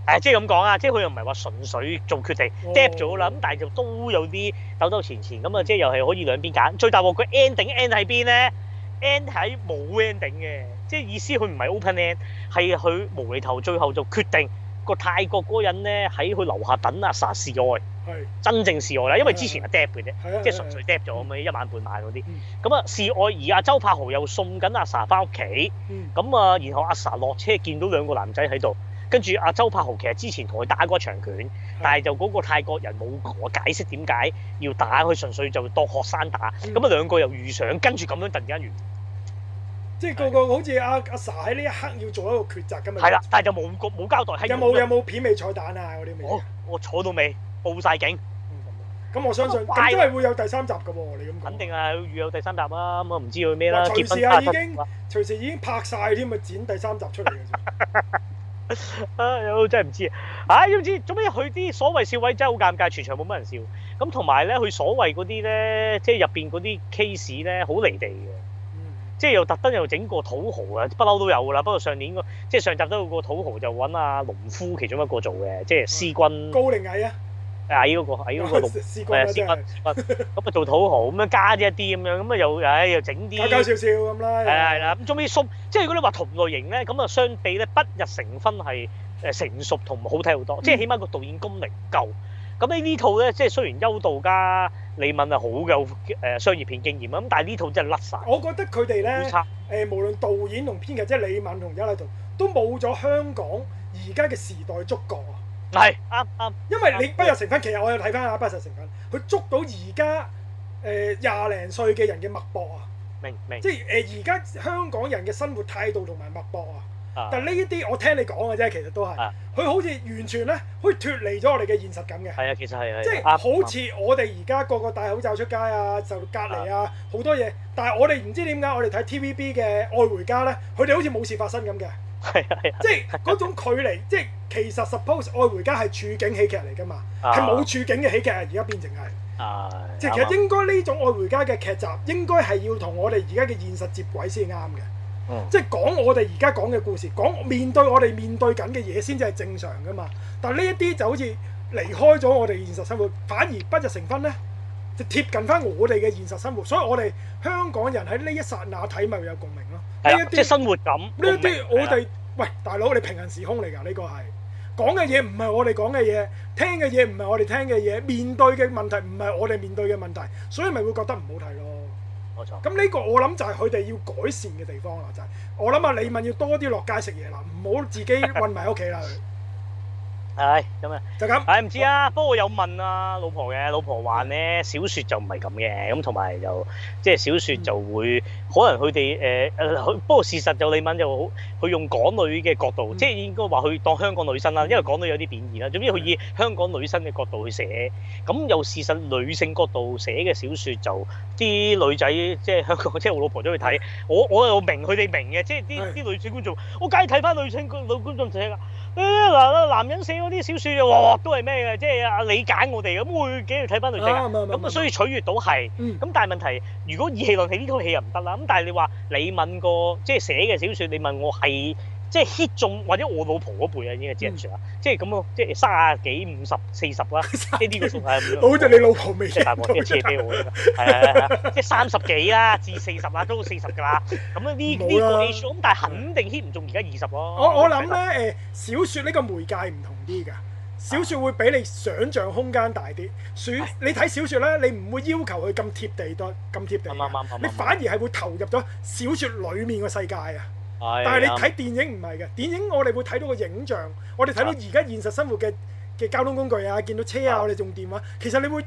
係即係咁講啊，就是、即係佢又唔係話純粹做決定 dec 咗啦，咁、哦、但係就都有啲兜兜纏纏咁啊，即係又係可以兩邊揀。最大鑊佢 ending end 喺邊咧？end 喺冇 ending 嘅，即係意思佢唔係 open end，係佢無厘頭最後就決定個泰國嗰人咧喺佢樓下等阿 Sa 示愛。真正示愛啦，因為之前啊 dead 嘅啫，即係純粹 dead 咗咁樣一晚半晚嗰啲。咁啊示愛，而阿周柏豪又送緊阿 sa 翻屋企。咁啊，然後阿 sa 落車見到兩個男仔喺度，跟住阿周柏豪其實之前同佢打過一場拳，但係就嗰個泰國人冇解釋點解要打，佢純粹就當學生打。咁啊兩個又遇上，跟住咁樣突然間完，
即係個個好似阿阿 sa 喺呢一刻要做
一個抉擇咁啊。係啦，但係就冇冇交代。有冇有冇片尾彩蛋啊？我哋咩？我我坐到尾。報晒警，咁我相信，因為會
有第三集噶喎，你
咁講。肯定啊，要有第三集啦。咁我唔知佢咩啦。隨時啊，已經隨時已經拍晒添，咪剪第三集出嚟嘅。又真係唔知啊，總之、啊、做咩佢啲所謂笑位真係好尷尬，全場冇乜人笑。咁同埋咧，佢所謂嗰啲咧，即係入邊嗰啲 case 咧，好離地嘅，嗯、即係又特登又整個土豪啊，不嬲都有噶啦。不過上年個即係上集都有個土豪就揾阿農夫其中一個做嘅，即係施軍。高定矮啊？矮嗰個，矮嗰個龍，師哥嗰啲咁啊，做土豪咁樣加啲一啲咁樣，咁啊又唉、哎、又整啲搞笑笑咁啦，係係啦，咁最尾叔，即係如果你話同類型咧，咁啊相比咧，不日成婚係誒成熟同好睇好多，即係起碼個導演功力夠。咁呢呢套咧，即係雖然邱導加李敏係好有誒商業片經驗啊，咁但係呢套真係甩晒。我覺得佢哋咧，
誒測無論導演同編劇，即係李敏同邱禮濤，都冇咗香港而家嘅時代觸覺啊。係啱啱，因為你不日成婚，對其實我有睇翻阿不日成婚，佢捉到而家誒廿零歲嘅人嘅脈搏啊，明明，即係誒而家香港人嘅生活態度同埋脈搏啊，啊但係呢一啲我聽你講嘅啫，其實都係，佢、啊、好似完全咧，可以脫離咗我哋嘅現實感嘅，
係啊，其實係啊，即係是對好似
我哋而家個個戴口罩出街啊，就隔離啊，好、啊、多嘢，但係我哋唔知點解，我哋睇 T V B 嘅愛回家咧，佢哋好似冇事發生咁嘅。係啊， 即係嗰種距離，即係其實 suppose《愛回家》係處境喜劇嚟噶嘛，
係冇、uh, 處
境嘅喜劇，而家變成係
，uh, 即係其實應
該呢種《愛回家》嘅劇集，應該係要同我哋而家嘅現實接軌先啱嘅，嗯、即係講我哋而家講嘅故事，講面對我哋面對緊嘅嘢先至係正常噶嘛。但係呢一啲就好似離開咗我哋現實生活，反而不日成婚咧，就貼近翻我哋嘅現實生活，所以我哋香港人喺呢一剎那睇咪會有共鳴咯。
呢一啲即係生活感，呢啲我哋
喂，大佬你平行時空嚟㗎。呢個係講嘅嘢，唔係我哋講嘅嘢，聽嘅嘢唔係我哋聽嘅嘢，面對嘅問題唔係我哋面對嘅問題，所以咪會覺得唔好睇咯。冇錯錯。咁呢個我諗就係佢哋要改善嘅地方啦，就係、是、我諗啊，你問要多啲落街食嘢
啦，唔好自己韞埋屋企啦。 係咁啊，就咁。唉，唔知啊，不過我有問啊老婆嘅，老婆話咧小説就唔係咁嘅，咁同埋又，即係小説就會可能佢哋誒誒，不、呃、過事實就係李敏就好、是，佢用港女嘅角度，嗯、即係應該話佢當香港女生啦，因為港女有啲貶義啦，總之佢以香港女生嘅角度去寫，咁又事實女性角度寫嘅小説就啲女仔即係香港，即係我老婆都去睇，我我又明佢哋明嘅，即係啲啲女主觀眾，我梗係睇翻女性女觀眾寫啦。嗱，男人寫嗰啲小説，哇，都係咩嘅？即係阿理解我哋咁，會幾嚟睇翻類型？咁啊，所以取悦到係。咁、嗯、但係問題，如果以戲論戲呢套戲又唔得啦。咁但係你話你問過即係寫嘅小説，你問我係。即係 hit 中或者我老婆嗰輩啊，已經係接唔住啦。即係咁咯，即係卅幾、五十、四十啦，呢啲個數係。我好似
你老婆未接唔到。即係大鑊，即
係車飛喎，應該係啊！即係三十幾啦，至四十啦，都四十㗎啦。咁呢呢個 age 咁，但係肯定 hit 唔中，而家二十咯。我我諗
咧誒，小説呢個媒介唔同啲㗎，小説會比你想象空間大啲。選你睇小説咧，你唔會要求佢咁貼地多，咁貼地。啱啱啱。你反而係會投入咗小説裡面嘅世界啊！但係你睇電影唔係嘅，電影我哋會睇到個影像，錯我哋睇到而家現實生活嘅嘅交通工具啊，見到車啊，我哋用電話，其實你會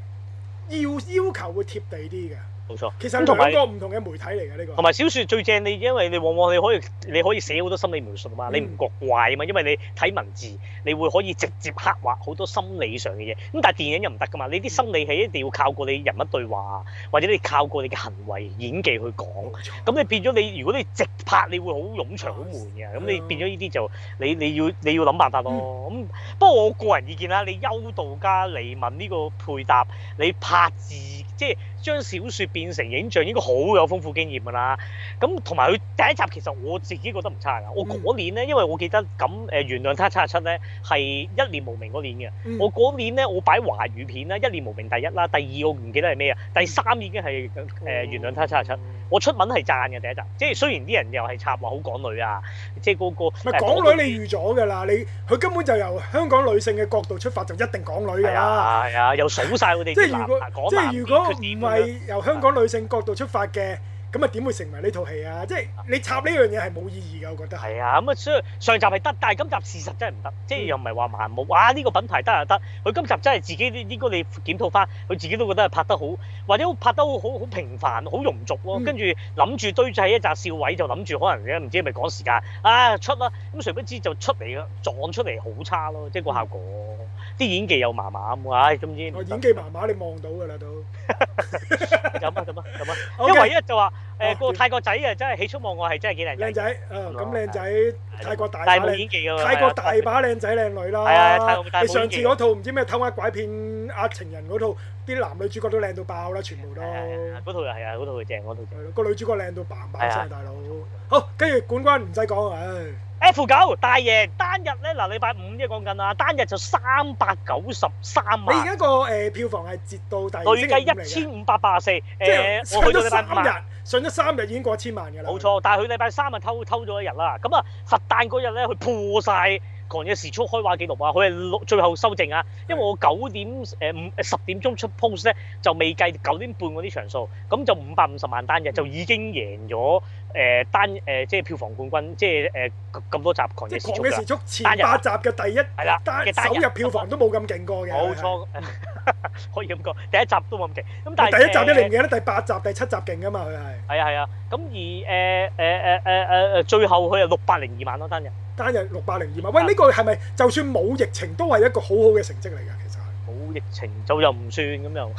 要要求會貼地啲嘅。
冇錯，其實唔同幾個唔
同嘅媒體嚟嘅呢個，同
埋小説最正你，因為你往往你可以你可以寫好多心理描述啊嘛，嗯、你唔覺怪啊嘛，因為你睇文字，你會可以直接刻畫好多心理上嘅嘢。咁但係電影又唔得噶嘛，你啲心理係一定要靠過你人物對話啊，或者你靠過你嘅行為演技去講。咁冇錯、你變咗你，如果你直拍，你會好冗長、好悶嘅。咁、啊、你變咗呢啲就你你要你要諗辦法咯。咁、嗯、不過我個人意見啦，你邱導加李敏呢個配搭，你拍字。即係將小說變成影像，應該好有豐富經驗㗎啦。咁同埋佢第一集其實我自己覺得唔差㗎。我嗰年咧，因為我記得咁誒，原諒他七十七咧係一年無名嗰年嘅。我嗰年咧，我擺華語片啦，一年無名第一啦，第二我唔記得係咩啊，第三已經係誒原諒他七十七。我出文係讚嘅第一集，即係雖然啲人又係插話好港女啊，即係個、那個。咪、呃、港女你
預咗㗎啦，你佢根本就由香港女性嘅角度出發，就一定港女㗎啦。係啊，啊，又數晒佢哋啲男。即係如果，唔係由香港女性角度出發嘅，咁啊點會成為呢套戲啊？即係你插呢樣嘢係冇意義嘅，我覺
得係啊。咁啊，所以上集係得，但係今集事實真係唔得。即係又唔係話盲目。哇！呢個品牌得又得，佢今集真係自己應該你檢討翻，佢自己都覺得係拍得好，或者拍得好好平凡，好庸俗咯。跟住諗住堆砌一扎笑位，就諗住可能唔知係咪趕時間啊出啊，咁誰不知就出嚟咯，撞出嚟好差咯，即係個效果。嗯啲演技又麻麻咁，唉，知唔知？我演
技麻麻，你望到噶啦都。咁
啊咁啊咁啊？因為唯一就話誒個泰國仔啊，真係喜出望外係真係幾靚仔啊！咁靚仔泰國大
把靚仔靚女啦。係啊，你上次嗰套唔知咩偷呃拐騙呃情人嗰套，啲男女主角都靚到爆啦，全部都。係啊係
啊，嗰套又係啊，嗰套正嗰套。係咯，個
女主角靚到嘭
嘭聲啊，大佬。好，跟住冠軍唔使講唉。F 九大贏單日咧，嗱，禮拜五咧講緊啊，單日就三百九十三萬。你而家、個誒、呃、票房係截到大，累計一千五百八十四。去到、呃、禮拜五，日，上咗三日已經過一千萬嘅啦。冇錯，但係佢禮拜三日偷偷咗一日啦。咁啊，佛誕嗰日咧，佢破晒《狂野時速開話》開畫記錄啊！佢係六最後修正啊，因為我九點誒五十點鐘出 post 咧，就未計九點半嗰啲場數，咁就五百五十萬單日就已經贏咗。嗯誒、呃、單誒、呃、即係票房冠軍，即係誒咁多集狂野時速，時速前單，單日八集嘅第一，係啦，首入票房都冇咁勁過嘅，冇錯，可以咁講，第一集都冇咁勁。咁但係第一集你唔記
得，呃、第八集、第七集勁㗎嘛，佢
係。係啊係啊，咁而誒誒誒誒誒誒，最後佢係六百零二萬咯，單日。
單日六百零二萬，喂，呢、呃、個係咪就算冇疫情都係一個好好嘅成績嚟㗎？其實係。
冇疫情就又唔算咁又，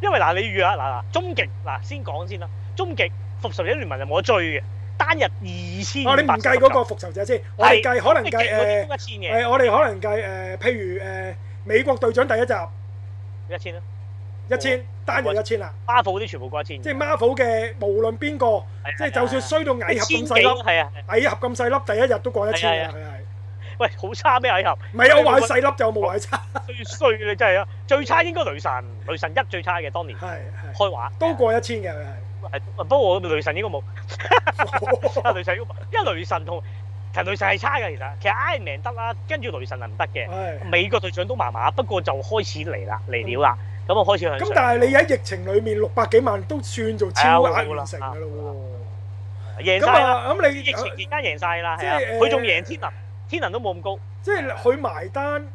因為嗱你預下嗱嗱終極嗱先講先啦。終極復仇者聯盟就冇得追嘅，單日二千哦，你唔計嗰個復仇者先，我哋計可能計誒。係，我哋可能計誒，譬如誒美國隊長第一集一千啦，
一千單日一千啦。
Marvel 嗰啲全部過一千。
即係 Marvel 嘅，無論邊個，即係就算衰到蟻俠咁細粒，係啊，蟻俠咁細粒，第一日都過一千。係係
係。喂，好差咩蟻俠？唔係我話佢細
粒就冇話差。
衰你真係啊！最差應該雷神，雷神一最差嘅當年開畫
都過一千嘅。
係，不過雷神應該冇，雷神，因為雷神同其實雷神係差嘅，其實其實 Iron Man 得啦，跟住雷神係唔得嘅，美國隊長都麻麻，不過就開始嚟啦，嚟料啦，咁我開始去。咁但係
你喺疫情裏面六百幾萬都算做超過 Iron Man
喎，贏晒啦，咁那、啊、你疫情而家贏晒啦，即啊！佢仲贏天能，天能都冇咁高，嗯、即係佢埋單。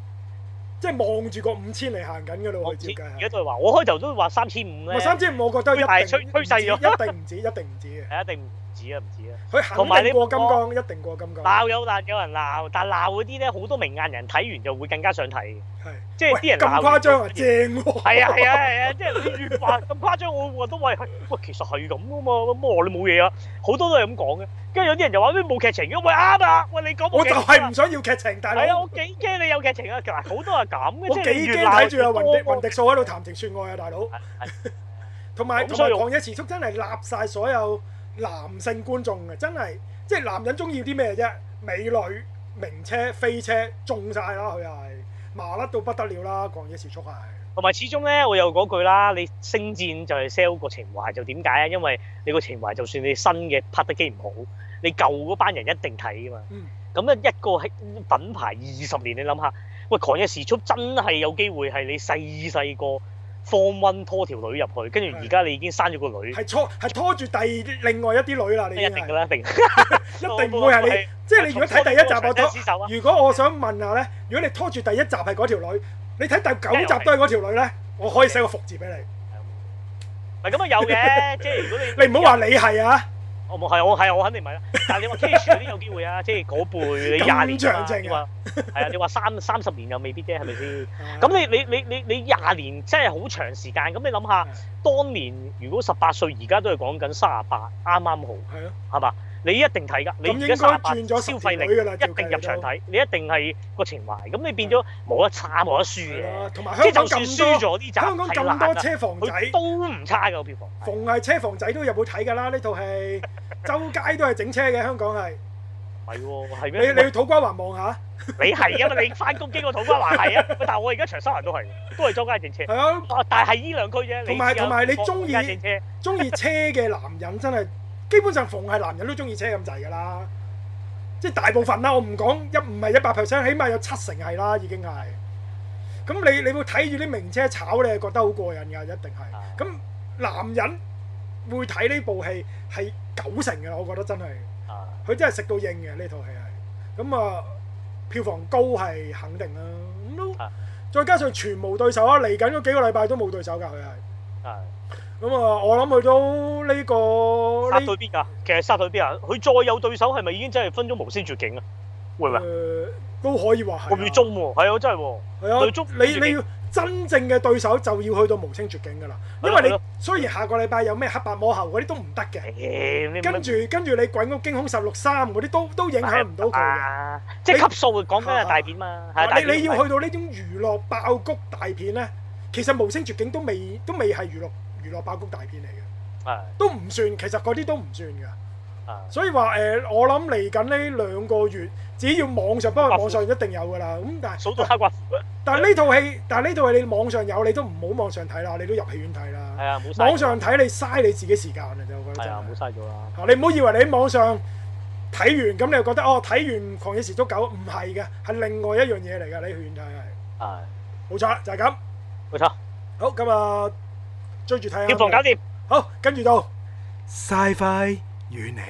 即係望住個五千嚟，行緊嘅咯，我接
計。而家都係話，我開頭都話三千五咧。三千五，我覺得一定趨勢咗。 一定唔止，一定唔止嘅。係 一定唔止，啊唔 止。啊。佢肯定過
金剛，一定過金剛。鬧有
鬧，有人鬧，但係鬧嗰啲咧，好多明眼人睇完就會更加想睇。係，即係啲人咁誇張啊，正喎。係啊係啊係啊，即係你亂話咁誇張，我我都話係。喂，其實係咁噶嘛，乜你冇嘢啊？好多都係咁講嘅，跟住有啲人就話咩冇劇情嘅，喂啱啊！喂，你講我就係唔想要劇情，大佬。係啊，我幾驚你有劇情啊！嗱，好多係咁嘅，即係幾驚睇住啊，雲迪雲迪，
素喺度談情説愛啊，大佬。同埋所以狂野時速真係立曬所有。男性觀眾啊，真係，即係男人中意啲咩啫？美女、名車、飛車，中晒啦！佢係麻甩到不得了啦！狂野時速係。
同埋始終咧，我有嗰句啦，你星戰就係 sell 個情懷，就點解啊？因為你個情懷，就算你新嘅拍得幾唔好，你舊嗰班人一定睇噶嘛。咁咧、嗯、一個品牌二十年，你諗下，喂，狂野時速真係有機會係你細細個。Form one 拖條女入去，跟住而家你已經生咗個女，係拖係拖住第另外一啲女啦。你已定㗎啦，定一定唔 會係你。 是即係你如果睇第一集，從初 我多如
果我想問下咧，如果你拖住第一集係嗰條女，的你睇第九集都係嗰條女咧，的我可以寫個服字俾你。
係咁啊，有嘅。 即係如果你 你唔好話你係啊。 我冇係我係我肯定唔係啦，但係你話 cash 啲有機會啊， 即係嗰輩廿年啊嘛，係啊， 你話三三十年又未必啫，係咪先？咁 你你你你你廿年真係好長時間，咁你諗下， 當年如果十八歲，而家都係講緊卅八，啱啱好係咯，係嘛？你一定睇噶，你而家賺咗消費力一定入場睇，你一定係個情懷，咁你變咗冇得差冇得輸嘅，即就算輸咗啲香港咁多車房仔都唔差嘅票房，
逢係車房仔都入去睇㗎啦。呢套係周街都係整車嘅，香港係。
唔係喎，係咩？你去土瓜灣望下。你係啊嘛，你翻工經過土瓜灣係啊，但係我而家長沙灣都係，都係周街整車。係啊，但係呢兩區啫。同埋同埋，你中意
中意車嘅男人真係。基本上逢係男人都中意車咁滯噶啦，嗯、即係大部分啦我不不。我唔講一唔係一百 percent，起碼有七成係啦，已經係。咁你你會睇住啲名車炒你係，覺得好過癮噶，一定係。咁男人會睇呢部戲係九成嘅，我覺得真係。佢真係食到應嘅呢套戲係。咁啊，票房高係肯定啦。咁都再加上全無對手啊！嚟緊嗰幾個禮拜都冇對手噶，佢係。係。咁啊，我諗去到呢個。殺
到邊啊，其實殺到邊啊？佢再有對手，係咪已經真係分咗無聲絕境啊？會唔會
都可以話係咁
中喎？係啊，真係喎。係啊，你鍾你你要
真正嘅對手就要去到無聲絕境噶啦。因為你雖然下個禮拜有咩黑白魔后嗰啲都唔得嘅。跟住跟住你鬼屋驚恐十六三嗰啲都都影響唔到佢嘅。
即係級數講翻係大片嘛？你你要去
到呢種娛樂爆谷大片咧，其實無聲絕境都未都未係娛樂。娛樂爆谷大片嚟嘅，都唔算，其實嗰啲都唔算嘅，所以話誒，我諗嚟緊呢兩個月，只要網上，不過，網上一定有噶啦。咁但係，但係呢套戲，但係呢套戲你網上有，你都唔好網上睇啦，你都入戲院睇啦。係啊，網上睇你嘥你自己時間嘅，
就我覺得係啊，唔好嘥咗
啦。你唔好以為你喺網上睇完，咁你又覺得哦睇完狂野時速狗唔係嘅，係另外一樣嘢嚟㗎，你去戲院睇係。係，冇錯，就係咁，冇錯。好，咁啊。追住睇消防搞掂，好，跟住到。曬快
與你，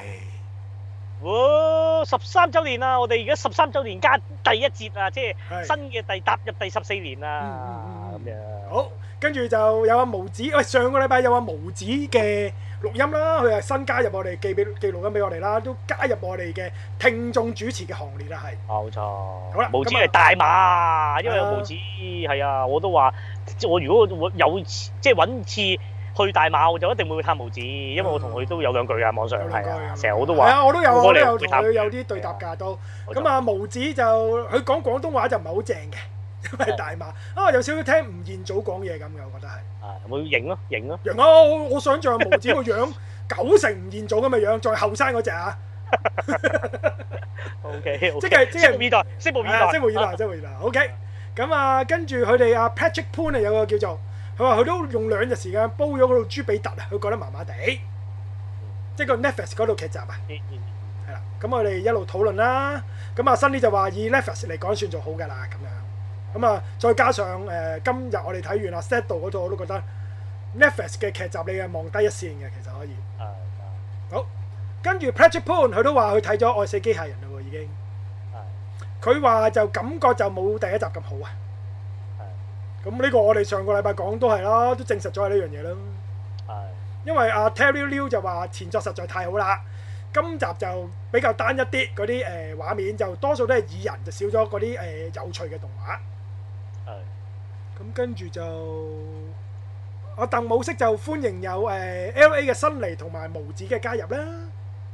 遠哦，十三周年啊，我哋而家十三周年加第一節啊，即係新嘅第踏入第十四年啊，咁、嗯嗯、這樣。
好，跟住就有阿毛子，喂、哎，上個禮拜有阿毛子嘅錄音啦，佢係新加入我哋寄俾寄錄音俾我哋啦，都加入我哋嘅聽眾主持嘅行列啊，係。
冇錯。好啦，毛子係、啊、大馬，因為有毛子係啊，我都話。即我如果有即揾次去大馬，我就一定會去探毛子，因為我同佢都有兩句嘅網上係啊，成日我都話，我都有，我都有同佢
有啲對答架都。咁啊，毛子就佢講廣東話就唔係好正嘅，因為大馬啊有少少聽吳彥祖講嘢咁，我覺得係。
啊，冇影咯，影咯，影咯，我我想象毛子個樣
九成吳彥祖咁嘅樣，再後生嗰隻啊。O
K，即係即係部 V 即部 V 袋，即部 V 袋，即部 V
袋，O K。咁、嗯、啊，跟住佢哋阿 Patrick Poon 啊，有個叫做，佢話佢都用兩日時間煲咗嗰度朱比特啊，佢覺得麻麻地，即係個 n e f e s 嗰度劇集啊，係、嗯、啦，咁我哋一路討論啦。咁啊，新啲就話以 n e f e s 嚟講，算做好㗎啦，咁樣。咁、嗯、啊，再加上誒、呃、今日我哋睇完阿 Setdo 嗰套，我都覺得 n e f e s 嘅劇集你係望低一線嘅，其實可以。係。好，跟住 Patrick Poon 佢都話佢睇咗《愛死機械人》啦喎，已經。佢話就感覺就冇第一集咁好啊。咁呢、uh, 個我哋上個禮拜講都係咯，都證實咗係呢樣嘢啦。Uh, 因為阿、啊、Terry Liu 就話前作實在太好啦，今集就比較單一啲嗰啲誒畫面，就多數都係以人，就少咗嗰啲誒有趣嘅動畫。咁、uh, 嗯、跟住就，我、啊、鄧武飾就歡迎有誒、呃、L.A. 嘅辛尼同埋毛子嘅加入啦。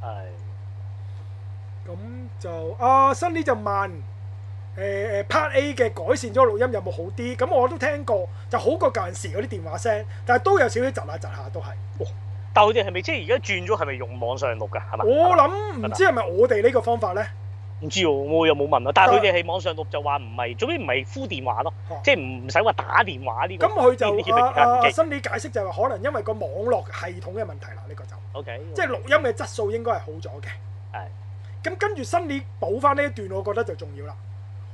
係。Uh, uh, 啊就啊，Sunny 就問。誒、呃、誒 Part A 嘅改善咗錄音有冇好啲？咁我都聽過，就好過舊陣時嗰啲電話聲，但係都有少少窒下窒下都係。
但係佢哋係咪即係而家轉咗係咪用網上錄㗎？係嘛？我諗唔知
係咪我哋呢個方法咧？
唔知喎，我又冇問啦。但係佢哋喺網上錄就話唔係，總之唔係呼電話咯，即係唔使話打電話呢、這個。咁佢、嗯、就阿阿 Sunny、
啊、解釋就係話，可能因為個網絡系統嘅問題啦，呢個就
OK、嗯、即係錄
音嘅質素應該係好咗嘅。係、哎。咁跟住 Sunny 補翻呢一段，我覺得就重要啦。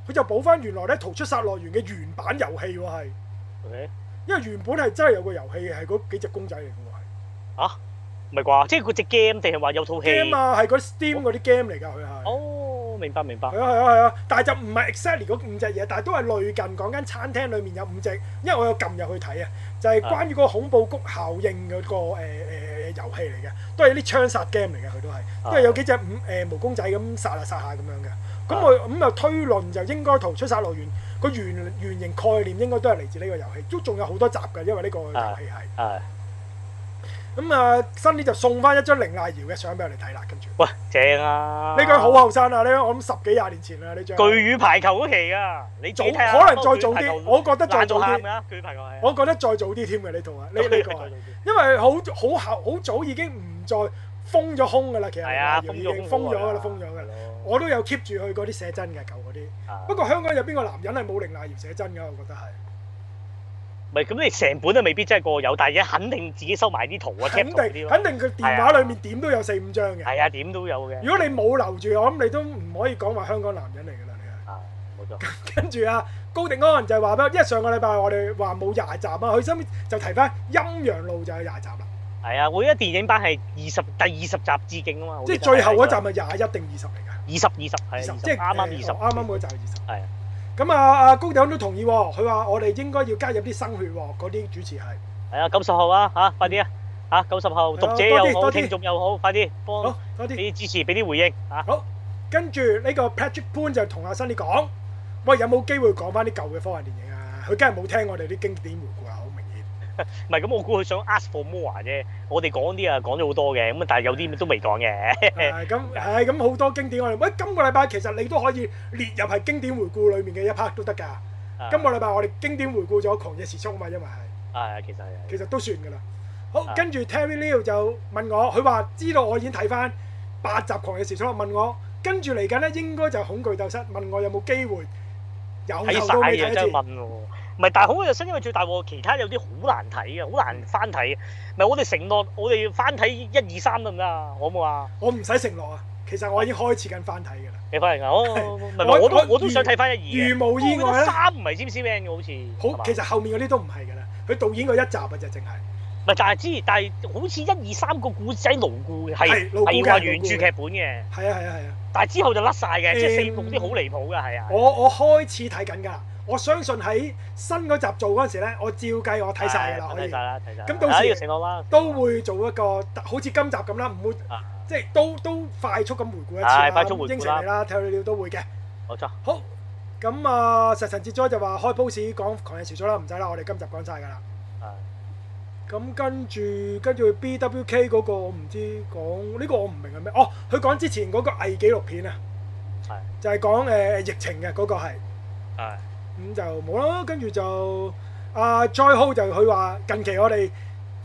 佢就補翻原來咧《逃出殺樂園》嘅原版遊戲喎係，因為原本係真係有個遊戲係嗰幾隻公仔嚟嘅喎
係。啊，唔係啩？即係嗰隻 game 定係話有套 game 啊？
係嗰 Steam 嗰啲 game 嚟㗎佢係。哦，
明白明
白。係啊係啊係啊，啊，但係就唔係 exactly 嗰五隻嘢，但係都係類近講緊餐廳裡面有五隻，因為我有撳入去睇啊，就係、是、關於嗰個恐怖谷效應嗰、那個誒、呃呃嘅遊戲嚟嘅，都係啲槍殺 game 嚟嘅，佢都係因為有幾隻五誒、呃、毛公仔咁殺下殺下咁樣嘅，咁、嗯、我咁又推論，就應該逃出殺戮園，個原原型概念應該都係嚟自呢個遊戲，都仲有好多集嘅，因為呢個遊戲係。嗯嗯咁啊，新年就送翻一張綾瀨遙嘅相俾我哋睇啦，
跟住，喂，正啊！呢張好
後生啊，呢張我諗十幾廿年前啦，呢張。巨乳排
球嗰期啊，你早可能再早啲，我覺得再早啲。
我覺得再早啲添嘅呢套啊，呢呢套因為好好後好早已經唔再封咗空噶啦，其實已經封咗噶啦，封咗噶啦。我都有 keep 住佢嗰啲寫真嘅舊嗰啲，不過香港有邊個男人係冇綾瀨遙寫真㗎？我覺得係。
唔係，咁你成本都未必真係過有，但係嘢肯定自己收埋啲圖啊，肯定
肯定佢電話裏面點都有四五張嘅。係啊，點都有嘅。如果你冇留住，我諗你都唔可以講話香
港男人嚟㗎啦，你啊。係，冇錯。
跟住啊，高定安就話啦，因為上個禮拜我哋話冇廿集啊，佢身邊就提翻陰陽路就有廿集啦。
係啊，我覺得電影班係二十，第二十集致敬啊嘛。即係最後嗰集咪廿一定二十嚟㗎。二十，二十，二十即係啱啱二十，啱啱嗰集二十。係。
咁啊！阿高隊長都同意，哦，佢話我哋應該要加入啲生血，哦，嗰啲主持係。
係啊，九十號啊，吓快啲啊，吓九十號讀者又好，多聽眾又好，多快啲點幫，快啲我支持，俾啲回應吓。啊、好，跟住呢、呢個 Patrick
Poon 就同阿新你講，喂，有冇機會講翻啲舊嘅科幻電影啊？佢梗係冇聽我哋啲
經典回唔係咁，我估佢想 ask for more 啫。我哋講啲啊，講咗好多嘅，咁啊，但係有啲都未講嘅。係咁，
係咁好多經典。我哋喂，今個禮拜其實你都可以列入係經典回顧裡面嘅一 part 都得㗎。今個禮拜我哋經典回顧咗《狂野時速》啊嘛，因為係係，其實其實都算㗎啦。
好，跟住
Terry Liu 就問我，佢話知道我已經睇翻八集《狂野時速》，問我跟住嚟緊咧應該就《恐懼
鬥室》，問我有冇機會有睇曬嘢之後問喎。唔係，但係好嘅就新，因為最大鑊。其他有啲好難睇嘅，好難翻睇嘅。唔係，我哋承諾，我哋翻睇一二三得唔得啊？我冇啊。我唔使承諾啊。
其實我已經開始緊翻
睇㗎啦。你翻嚟啊！我我都想睇翻一二。如無意外，三唔係知唔知咩？a 嘅好似。好，其實後面嗰啲都唔係㗎啦。佢導演個一集嘅就淨係。唔係，但係之，但係好似一二三個古仔牢固嘅，係係話原著劇本嘅。係啊係啊係啊！但係之後就甩晒嘅，即係四部啲好離譜㗎係啊。
我我開始睇緊㗎。我相信喺新嗰集做嗰陣時咧，我照計我睇晒嘅啦，睇曬啦，睇曬。咁到時都要承諾啦，都會做一個好似今集咁啦，唔會即係都都快速咁回顧一次啦，應承你啦，睇你你都會嘅，冇錯。好，咁啊，石神志災就話開 post 講狂野時速咗啦，唔使啦，我哋今集講晒噶啦。啊。咁跟住跟住 BWK 嗰個，我唔知講呢個我唔明係咩哦。佢講之前嗰個偽紀錄片啊，係就係講誒疫情嘅嗰個係，係。咁、嗯、就冇啦，跟住就阿再好就佢話近期我哋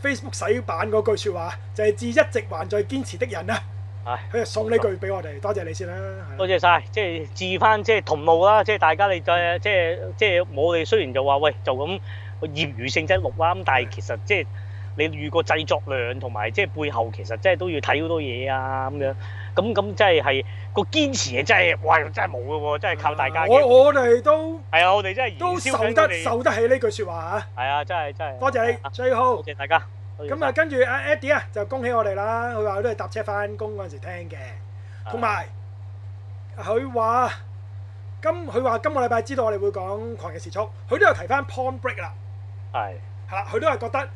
Facebook 洗版嗰句説話，就係、是、致一直還在堅持的人啦。係，佢唉就送呢句俾我哋，唉多謝你先啦。
多謝晒，即係致翻即係同路啦，即係大家你再即係即係我哋雖然就話喂就咁業餘性質錄啊。咁但係其實即係。你預個製作量同埋即係背後其實真係都要睇好多嘢啊咁樣，咁咁真係係個堅持嘅真係，哇！真係冇嘅喎，真係靠大家、嗯。我我哋都係啊，我哋真係都受得受得起呢句説話啊！係啊，真係真係。多謝，謝你，啊、最後好謝，謝大家。咁
啊，跟住阿 Eddie 啊，就恭喜我哋啦！佢話佢都係搭車翻工嗰陣時聽嘅，
同埋
佢話今佢話今個禮拜知道我哋會講狂野時速，佢都有提翻 Point Break 啦。係係啦，佢都係覺得。嗯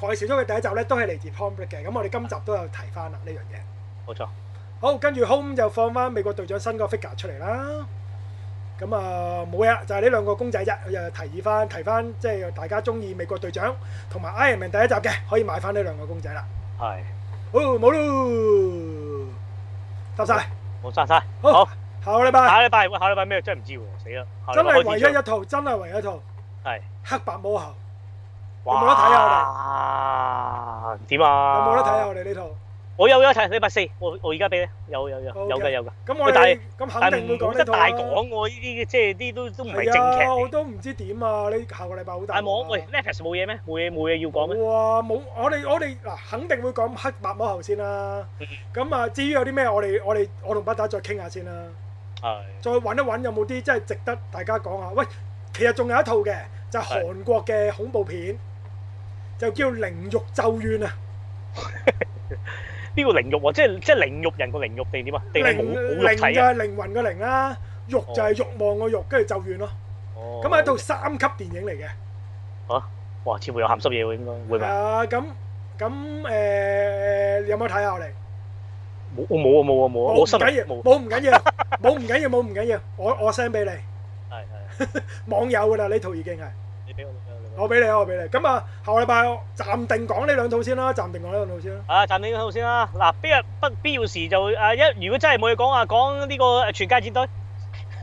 《蓋世英雄》第一集咧都係嚟自《Pomplik》嘅，咁我哋今集都有提翻啦呢樣嘢。冇
錯，
好跟住《Home》就放翻美國隊長新個 figure 出嚟啦。咁啊冇嘢，就係呢兩個公仔啫。又提議翻提翻，即係大家中意美國隊長同埋 Iron Man 第一集嘅，可以買翻呢兩個公仔啦。係，好冇咯，執曬，
冇曬，好，下個禮拜，下個禮拜，喂，下個禮拜咩？真係唔知喎，死啦，真係唯一一
套，真係唯一一套，
係黑白魔后。我冇得睇啊！哇，點啊？有冇得睇啊？我哋呢套，我有得睇。禮拜四，我我而家俾你，有有有，有噶有噶。咁我睇，咁肯定會講得大講。我呢啲即係啲都都唔係正劇。我
都唔知點啊！你下個禮拜好大。但係冇喂
，Netflix 冇嘢咩？冇嘢冇嘢要講
咩？冇，我哋我哋嗱肯定會講黑白魔后先啦。咁啊，至於有啲咩，我哋我哋我同不打再傾下先啦。
係，
再搵一搵有冇啲真係值得大家講下。喂，其實仲有一套嘅。就韓國嘅恐怖片，就叫《靈欲咒怨》啊！
呢個靈欲啊，即係即係靈欲人個靈欲地點啊？靈靈就係
靈魂嘅靈啦，欲就係欲望嘅欲，跟住咒怨咯。
咁係套
三級電影嚟嘅。
啊！哇！似乎有咸濕嘢喎，應該會唔係啊？
咁咁誒，有冇睇下啊？你
冇我冇啊冇啊冇啊！冇緊要冇唔
緊要冇唔緊要冇唔緊要，我我 send 俾你。係係 網友噶啦，呢套已經係。你俾我，我俾你，我俾你。咁啊，下禮拜暫定講呢兩套先啦，暫定講呢兩套先啦，
啊。啊，暫定呢套先啦。嗱，邊日不必要時就誒一、啊，如果真係冇嘢講啊，講呢個全界戰隊。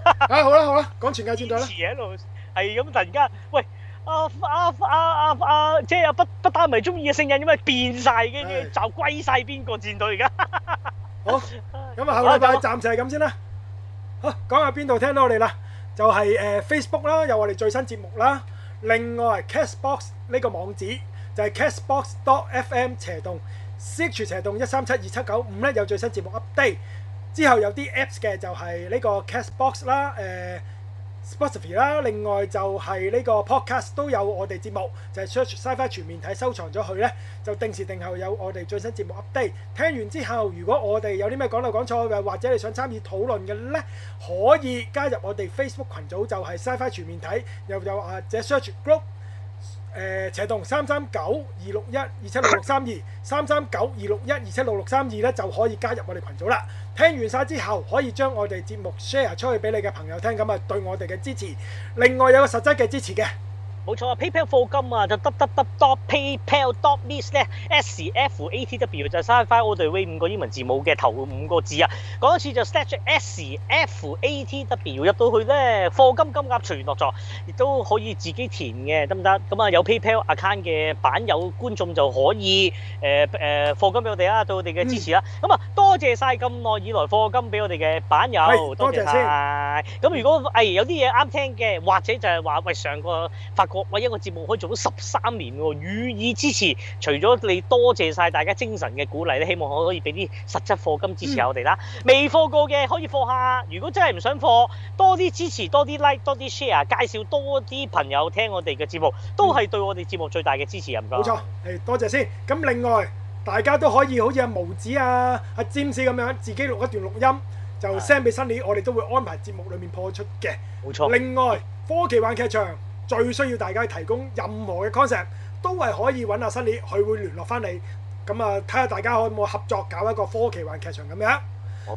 啊好啦好啦，講全界戰隊啦。遲喺度，係咁突然間，喂啊，啊，啊，啊，阿、啊啊啊啊，即係不不打唔係中意嘅聖人因為，變晒嘅，就歸晒邊個戰隊而家。好，咁啊下禮拜暫時係咁先啦。好，講下
邊度聽到我哋啦。就係、是、誒、呃、Facebook 啦，有我哋最新節目啦。另外，Castbox 呢個網址就係 Castbox.fm 斜洞 C H 斜洞一三七二七九五咧，有最新節目 update。之後有啲 Apps 嘅就係呢個 Castbox 啦，誒、呃。Spotify 啦，另外就係呢個 podcast 都有我哋節目，就係、是、Search Sci-Fi 全面睇收藏咗佢呢，就定時定候有我哋最新節目 update。聽完之後，如果我哋有啲咩講漏講錯嘅，或者你想參與討論嘅呢，可以加入我哋 Facebook 群組，就係、是、Sci-Fi 全面睇，又有啊、呃，即係 Search Group，誒斜洞三三九二六一二七六六三二三三九二六一二七六六三二呢，就可以加入我哋群組啦。聽完晒之後，可以將我哋節目 share 出去俾你
嘅朋友聽咁啊，對我哋嘅支持。另外有個實質嘅支持嘅。冇錯啊，PayPal 課金啊，就 dot d o PayPal dot me 咧，S F A T W 就 Sci-Fi All The Way 五個英文字母嘅頭五個字啊。講一次就 search S, S F A T W 入到去咧，課金金額隨緣落座，亦都可以自己填嘅，得唔得？咁、嗯、啊，有 PayPal account 嘅版友觀眾就可以誒誒課金俾我哋啊，對我哋嘅支持啊。咁、嗯、啊，多謝晒咁耐以來課金俾我哋嘅版友，是多謝晒！咁如果誒、哎、有啲嘢啱聽嘅，或者就係話喂上個發。我一個節目可以做到十三年嘅，予以支持。除咗你多謝晒大家精神嘅鼓勵咧，希望我可以俾啲實質貨金支持下我哋啦。未貨、嗯、過嘅可以貨下，如果真係唔想貨，多啲支持，多啲 like，多啲 share，介紹多啲朋友聽我哋嘅節目，都係對我哋節目最大嘅支持嚟噶。冇錯，
係多謝先。咁另外，大家都可以好似阿毛子啊、阿尖子咁樣，自己録一段録音，就 send 俾新 u 我哋都會安排節目裏面播出嘅。冇錯錯。另外，科技玩劇場。最需要大家提供任何嘅 concept，都係可以揾阿辛尼，佢會聯絡翻你，咁啊睇下大家可唔可以合作搞一個科技幻劇場咁樣。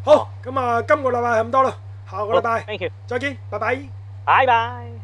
好，咁啊今個禮拜就咁多啦，下個禮拜，thank you，再見，拜拜，bye bye。